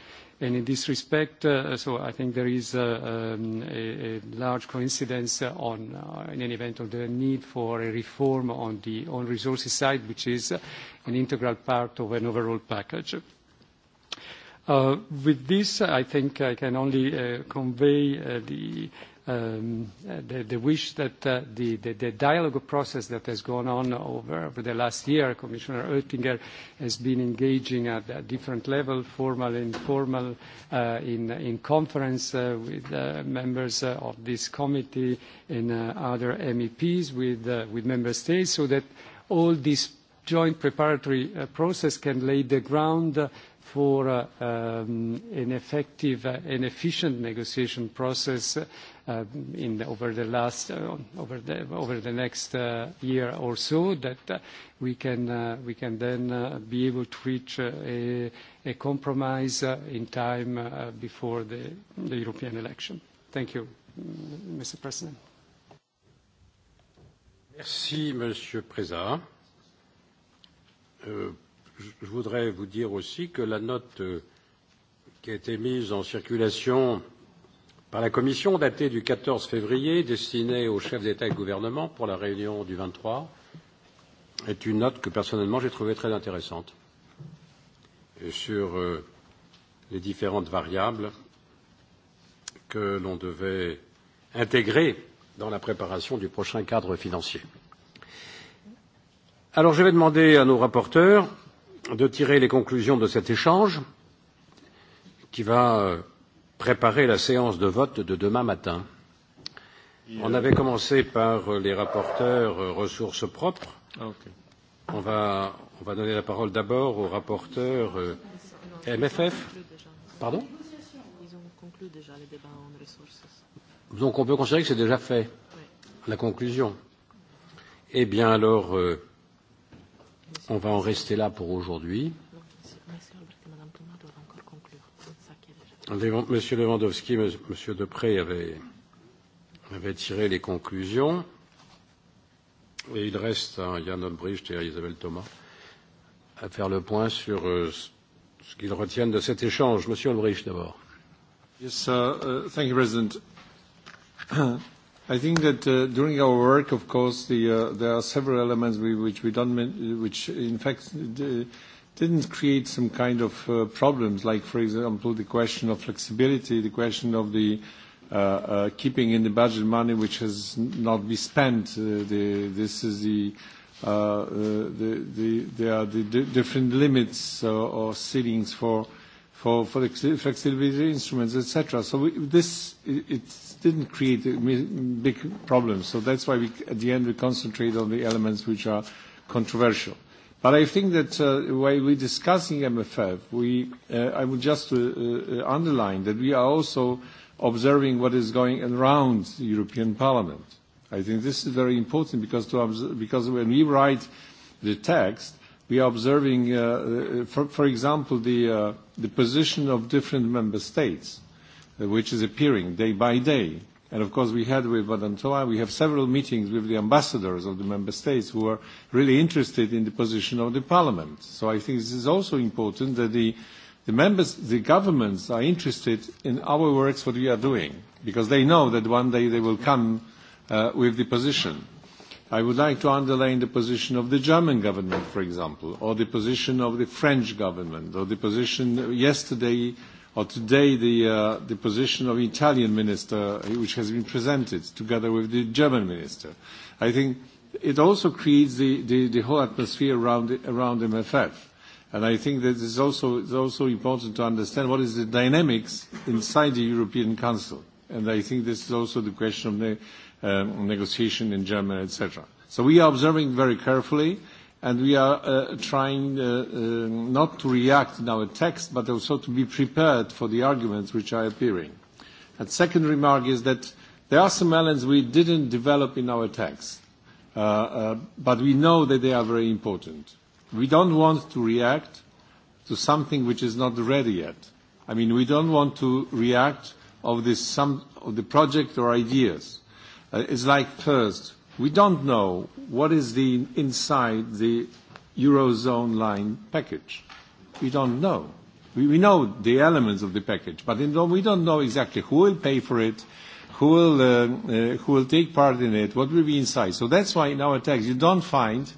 in this respect, uh, I think there is uh, um, a, large coincidence uh, on, in any event, of the need for a reform on the own resources side, which is an integral part of an overall package. Uh, with this, I think I can only uh, convey uh, the, um, the, the wish that uh, the, the dialogue process that has gone on over, over the last year, Commissioner Oettinger has been engaging at a different level, formal, informal, uh, in, in conference uh, with members of this committee and other MEPs, with, with member states, so that all this joint preparatory process can lay the ground for uh, um, an effective uh, and efficient negotiation process uh, in the, over the last uh, over the over the next uh, year or so that uh, we can we can then be able to reach a, a compromise in time before the, the European election. Thank you, Mr. President. Merci, Monsieur Président. Euh, je, voudrais vous dire aussi que la note euh, qui a été mise en circulation par la Commission, datée du 14 février, destinée aux chefs d'État et de gouvernement pour la réunion du 23, est une note que personnellement j'ai trouvée très intéressante et sur euh, les différentes variables que l'on devait intégrer dans la préparation du prochain cadre financier. Alors je vais demander à nos rapporteurs de tirer les conclusions de cet échange qui va euh, préparer la séance de vote de demain matin. On avait commencé par euh, les rapporteurs euh, ressources propres. Ah, on va, on va donner la parole d'abord au rapporteur MFF. Pardon Donc on peut considérer que c'est déjà fait, la conclusion. Eh bien alors, euh, On va en rester là pour aujourd'hui. Monsieur Lewandowski, Monsieur Depré avait, avait tiré les conclusions. Et il reste à Yann Olbricht et à Isabelle Thomas à faire le point sur euh, ce qu'ils retiennent de cet échange. Monsieur Olbricht, d'abord. Yes, sir. Uh, thank you, President. [clears throat] I think that uh, during our work, of course, uh, there are several elements which in fact didn't create some kind of uh, problems, like, for example, the question of flexibility, the question of the keeping in the budget money which has not been spent. this is the, there are the different limits or ceilings for, flexibility instruments, et cetera. So this, it, it's didn't create big problems. So that's why we, at the end, we concentrate on the elements which are controversial. But I think that uh, while we're discussing MFF, we, uh, I would just uh, uh, underline that we are also observing what is going around the European Parliament. I think this is very important because, to observe, because when we write the text, we are observing, uh, uh, for, for example, the, uh, the position of different member states which is appearing day by day. And of course, we had with Vadantoa, we have several meetings with the ambassadors of the member states who are really interested in the position of the parliament. So I think this is also important that the, the members, the governments are interested in our works, what we are doing, because they know that one day they will come uh, with the position. I would like to underline the position of the German government, for example, or the position of the French government, or the position yesterday or today uh, the, position of Italian minister, uh, which has been presented together with the German minister. I think it also creates the, whole atmosphere around, MFF. And I think that it's also, it's also important to understand what is the dynamics inside the European Council. And I think this is also the question of the um, negotiation in Germany, etc. So we are observing very carefully and we are uh, trying uh, uh, not to react in our text, but also to be prepared for the arguments which are appearing. second remark is that there are some elements we didn't develop in our text, but we know that they are very important. We don't want to react to something which is not ready yet. I mean, we don't want to react of this some of the project or ideas. It's like first, We don't know what is the inside the Eurozone line package. We don't know. We, we know the elements of the package, but in, we don't know exactly who will pay for it, who will, uh, uh, who will take part in it, what will be inside. So that's why in our text you don't find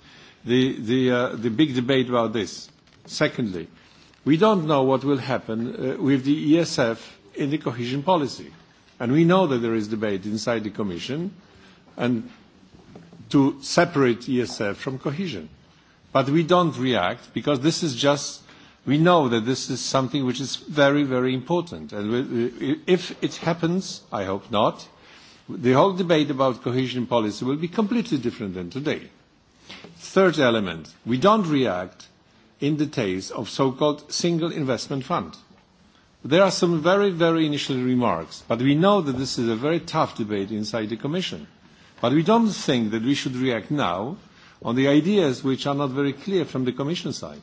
the, the, uh, the big debate about this. Secondly, we don't know what will happen uh, with the ESF in the cohesion policy. And we know that there is debate inside the Commission, and to separate ESF from cohesion. But we don't react because this is just, we know that this is something which is very, very important. And if it happens, I hope not, the whole debate about cohesion policy will be completely different than today. Third element, we don't react in the case of so-called single investment fund. There are some very, very initial remarks, but we know that this is a very tough debate inside the Commission But we don't think that we should react now on the ideas which are not very clear from the Commission side.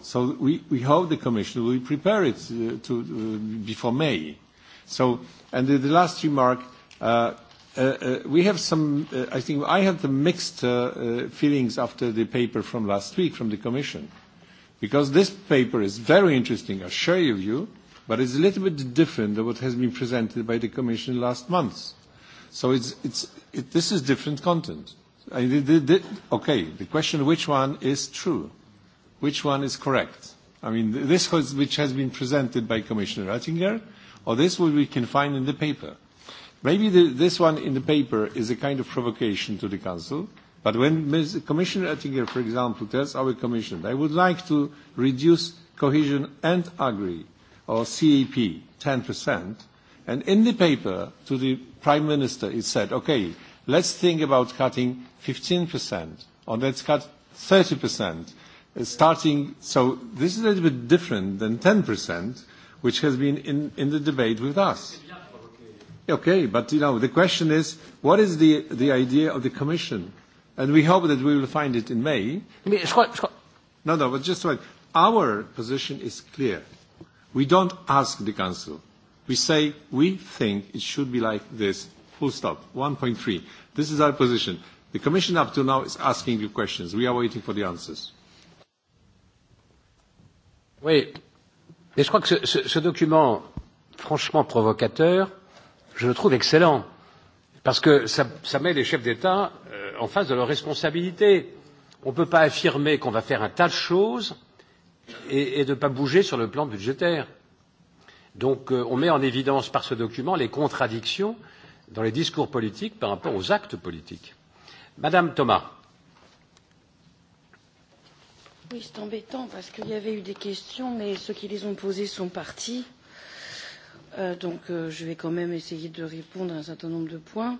So we, we hope the Commission will prepare it uh, to, uh, before May. So, and the, the last remark, uh, uh, uh, we have some, uh, I think I had the mixed uh, uh, feelings after the paper from last week from the Commission. Because this paper is very interesting, I assure you, but it's a little bit different than what has been presented by the Commission last month. So it's, it's, it, this is different content. I, the, the, the, okay, the question which one is true, which one is correct. I mean, this was, which has been presented by Commissioner Oettinger, or this what we can find in the paper. Maybe the, this one in the paper is a kind of provocation to the Council, but when Ms. Commissioner Oettinger, for example, tells our Commission, I would like to reduce cohesion and agri, or CAP, 10%, And in the paper to the Prime Minister, it said, okay, let's think about cutting 15% or let's cut 30%, uh, starting, so this is a little bit different than 10%, which has been in, in the debate with us. Okay, but you know, the question is, what is the, the idea of the Commission? And we hope that we will find it in May. It's it's quite, quite... No, no, but just wait. Our position is clear. We don't ask the Council. We say we think it should be like this, full stop, 1.3. This is our position. The Commission up to now is asking you questions. We are waiting for the answers. Oui, Et je crois que ce, ce, ce document, franchement provocateur, je le trouve excellent, parce que ça, ça met les chefs d'État euh, en face de leurs responsabilités. On ne peut pas affirmer qu'on va faire un tas de choses et, et de ne pas bouger sur le plan budgétaire. Donc euh, on met en évidence par ce document les contradictions dans les discours politiques par rapport aux actes politiques. Madame Thomas. Oui, c'est embêtant parce qu'il y avait eu des questions, mais ceux qui les ont posées sont partis. Euh, donc euh, je vais quand même essayer de répondre à un certain nombre de points.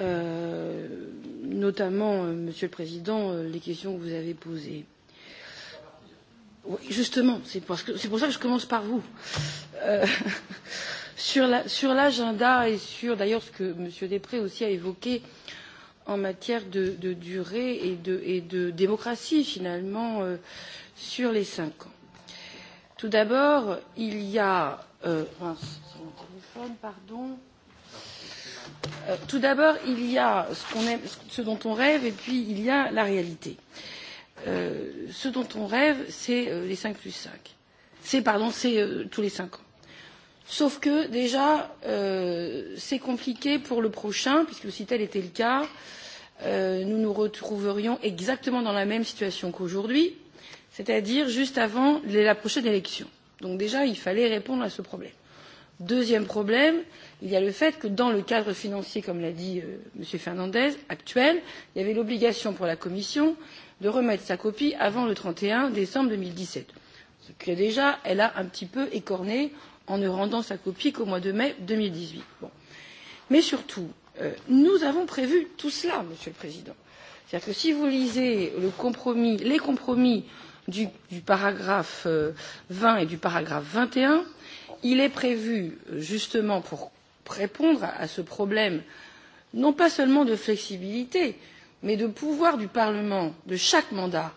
Euh, notamment, euh, Monsieur le Président, euh, les questions que vous avez posées. Oui, justement, c'est pour, pour ça que je commence par vous. Euh, [laughs] sur l'agenda et sur d'ailleurs ce que M. Després aussi a évoqué en matière de, de durée et de, et de démocratie finalement euh, sur les cinq ans. Tout d'abord, il y a euh, c'est mon téléphone, pardon. Euh, tout d'abord, il y a ce, aime, ce dont on rêve et puis il y a la réalité. Euh, Euh, ce dont on rêve, c'est euh, les 5 plus 5. C'est, pardon, c'est euh, tous les 5 ans. Sauf que, déjà, euh, c'est compliqué pour le prochain, puisque si tel était le cas, euh, nous nous retrouverions exactement dans la même situation qu'aujourd'hui, c'est-à-dire juste avant les, la prochaine élection. Donc déjà, il fallait répondre à ce problème. Deuxième problème, il y a le fait que dans le cadre financier, comme l'a dit euh, M. Fernandez, actuel, il y avait l'obligation pour la Commission de remettre sa copie avant le trente et un décembre deux mille dix sept ce que déjà elle a un petit peu écorné en ne rendant sa copie qu'au mois de mai. deux mille dix huit mais surtout euh, nous avons prévu tout cela monsieur le président c'est à dire que si vous lisez le compromis, les compromis du, du paragraphe euh, vingt et du paragraphe vingt et un il est prévu euh, justement pour répondre à ce problème non pas seulement de flexibilité mais mais de pouvoir du parlement de chaque mandat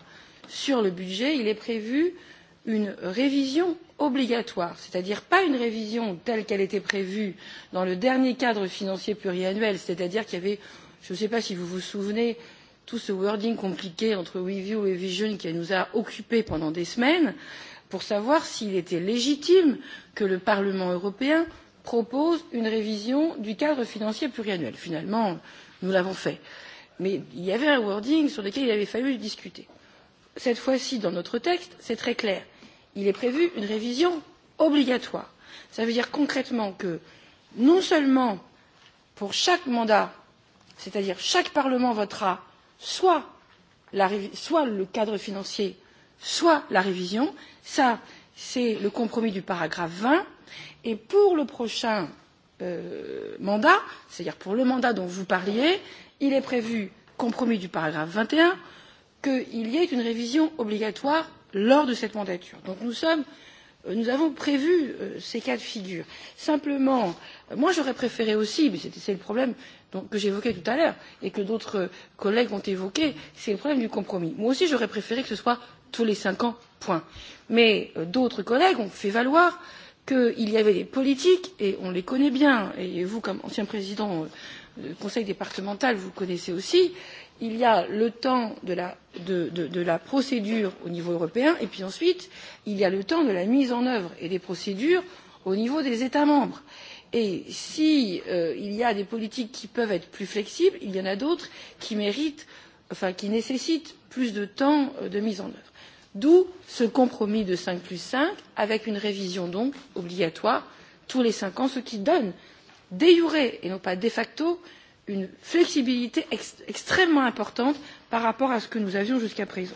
sur le budget il est prévu une révision obligatoire c'est à dire pas une révision telle qu'elle était prévue dans le dernier cadre financier pluriannuel c'est à dire qu'il y avait je ne sais pas si vous vous souvenez tout ce wording compliqué entre review et vision qui nous a occupés pendant des semaines pour savoir s'il était légitime que le parlement européen propose une révision du cadre financier pluriannuel. finalement nous l'avons fait mais il y avait un wording sur lequel il avait fallu discuter. cette fois ci dans notre texte c'est très clair il est prévu une révision obligatoire. cela veut dire concrètement que non seulement pour chaque mandat c'est à dire chaque parlement votera soit, la, soit le cadre financier soit la révision ça c'est le compromis du paragraphe vingt et pour le prochain euh, mandat c'est à dire pour le mandat dont vous parliez il est prévu compromis du paragraphe vingt et un qu'il y ait une révision obligatoire lors de cette mandature. donc nous, euh, avons prévu euh, ces cas de figure. simplement euh, j'aurais préféré aussi mais c'est le problème que j'évoquais tout à l'heure et que d'autres collègues ont évoqué c'est le problème du compromis moi aussi j'aurais préféré que ce soit tous les cinq ans point. mais d'autres collègues ont fait valoir qu'il y avait des politiques et on les connaît bien et vous comme ancien président le euh, conseil départemental vous le connaissez aussi il y a le temps de la, procédure au niveau européen et puis ensuite il y a le temps de la mise en œuvre et des procédures au niveau des états membres et s'il euh, y a des politiques qui peuvent être plus flexibles il y en a d'autres qui méritent enfin qui nécessitent plus de temps euh, de mise en œuvre d'où ce compromis de cinq plus cinq avec une révision donc obligatoire tous les cinq ans ce qui donne de jure et non pas de facto une flexibilité extrêmement importante par rapport à ce que nous avions jusqu'à présent.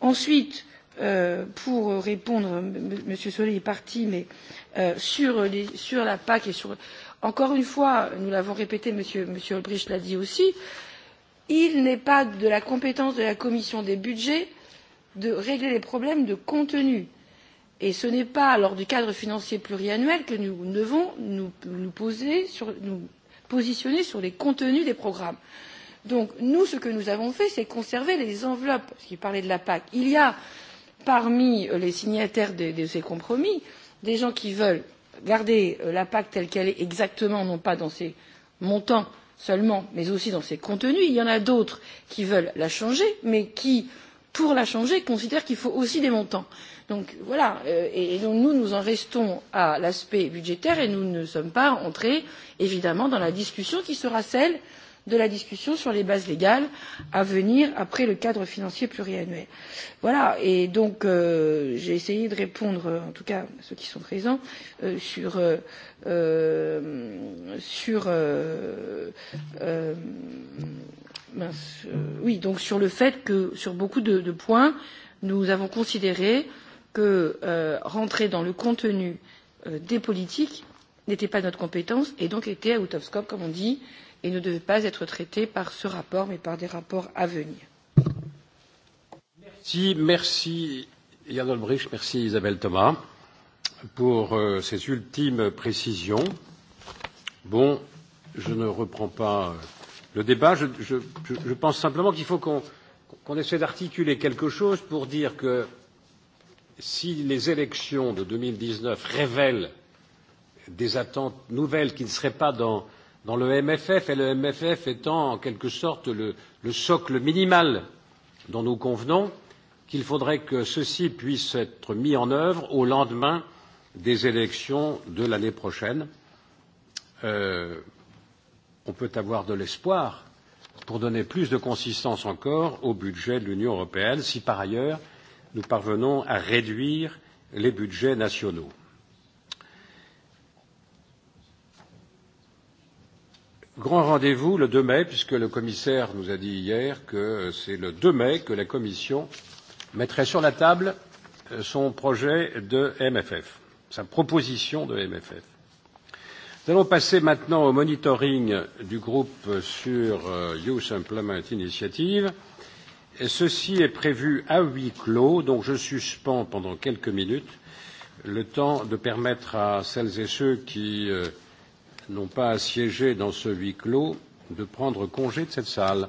ensuite euh, pour répondre m. solé est parti mais euh, sur, la pac encore une fois nous l'avons répété m. olbrycht l'a dit aussi il n'est pas de la compétence de la commission des budgets de régler les problèmes de contenu et ce n'est pas lors du cadre financier pluriannuel que nous devons nous, poser sur, nous positionner sur les contenus des programmes. donc nous ce que nous avons fait c'est conserver les enveloppes parce qu'il parlait de la pac. il y a parmi euh, les signataires de, de ces compromis des gens qui veulent garder euh, la pac telle qu'elle est exactement non pas dans ses montants seulement mais aussi dans ses contenus. il y en a d'autres qui veulent la changer mais qui pour la changer considèrent qu'il faut aussi des montants donc voilà euh, et, et donc, nous nous en restons à l'aspect budgétaire et nous ne sommes pas entrés évidemment dans la discussion qui sera celle de la discussion sur les bases légales à venir après le cadre financier pluriannuel. voilà et donc euh, j'ai essayé de répondre en tout cas à ceux qui sont présents euh, sur, euh, euh sur euh, euh, ben, sur, euh, oui donc sur le fait que sur beaucoup de, de points nous avons considéré euh, que euh, rentrer dans le contenu euh, des politiques n'était pas notre compétence et donc était out of scope comme on dit et ne devait pas être traité par ce rapport mais par des rapports à venir. Merci, merci Jan Olbrich, merci Isabelle Thomas pour euh, ces ultimes précisions. Bon, je ne reprends pas le débat. Je, je, je pense simplement qu'il faut qu'on qu essaie d'articuler quelque chose pour dire que si les élections de 2019 révèlent des attentes nouvelles qui ne seraient pas dans, dans le MFF, et le MFF étant en quelque sorte le, le socle minimal dont nous convenons, qu'il faudrait que ceci puisse être mis en œuvre au lendemain des élections de l'année prochaine. Euh, on peut avoir de l'espoir pour donner plus de consistance encore au budget de l'Union européenne si par ailleurs nous parvenons à réduire les budgets nationaux. Grand rendez-vous le 2 mai, puisque le commissaire nous a dit hier que c'est le 2 mai que la Commission mettrait sur la table euh, son projet de MFF, sa proposition de MFF. Nous allons passer maintenant au monitoring du groupe sur euh, Youth Employment Initiative. Ceci est prévu à huis clos, donc je suspends pendant quelques minutes le temps de permettre à celles et ceux qui euh, n'ont pas à siéger dans ce huis clos de prendre congé de cette salle.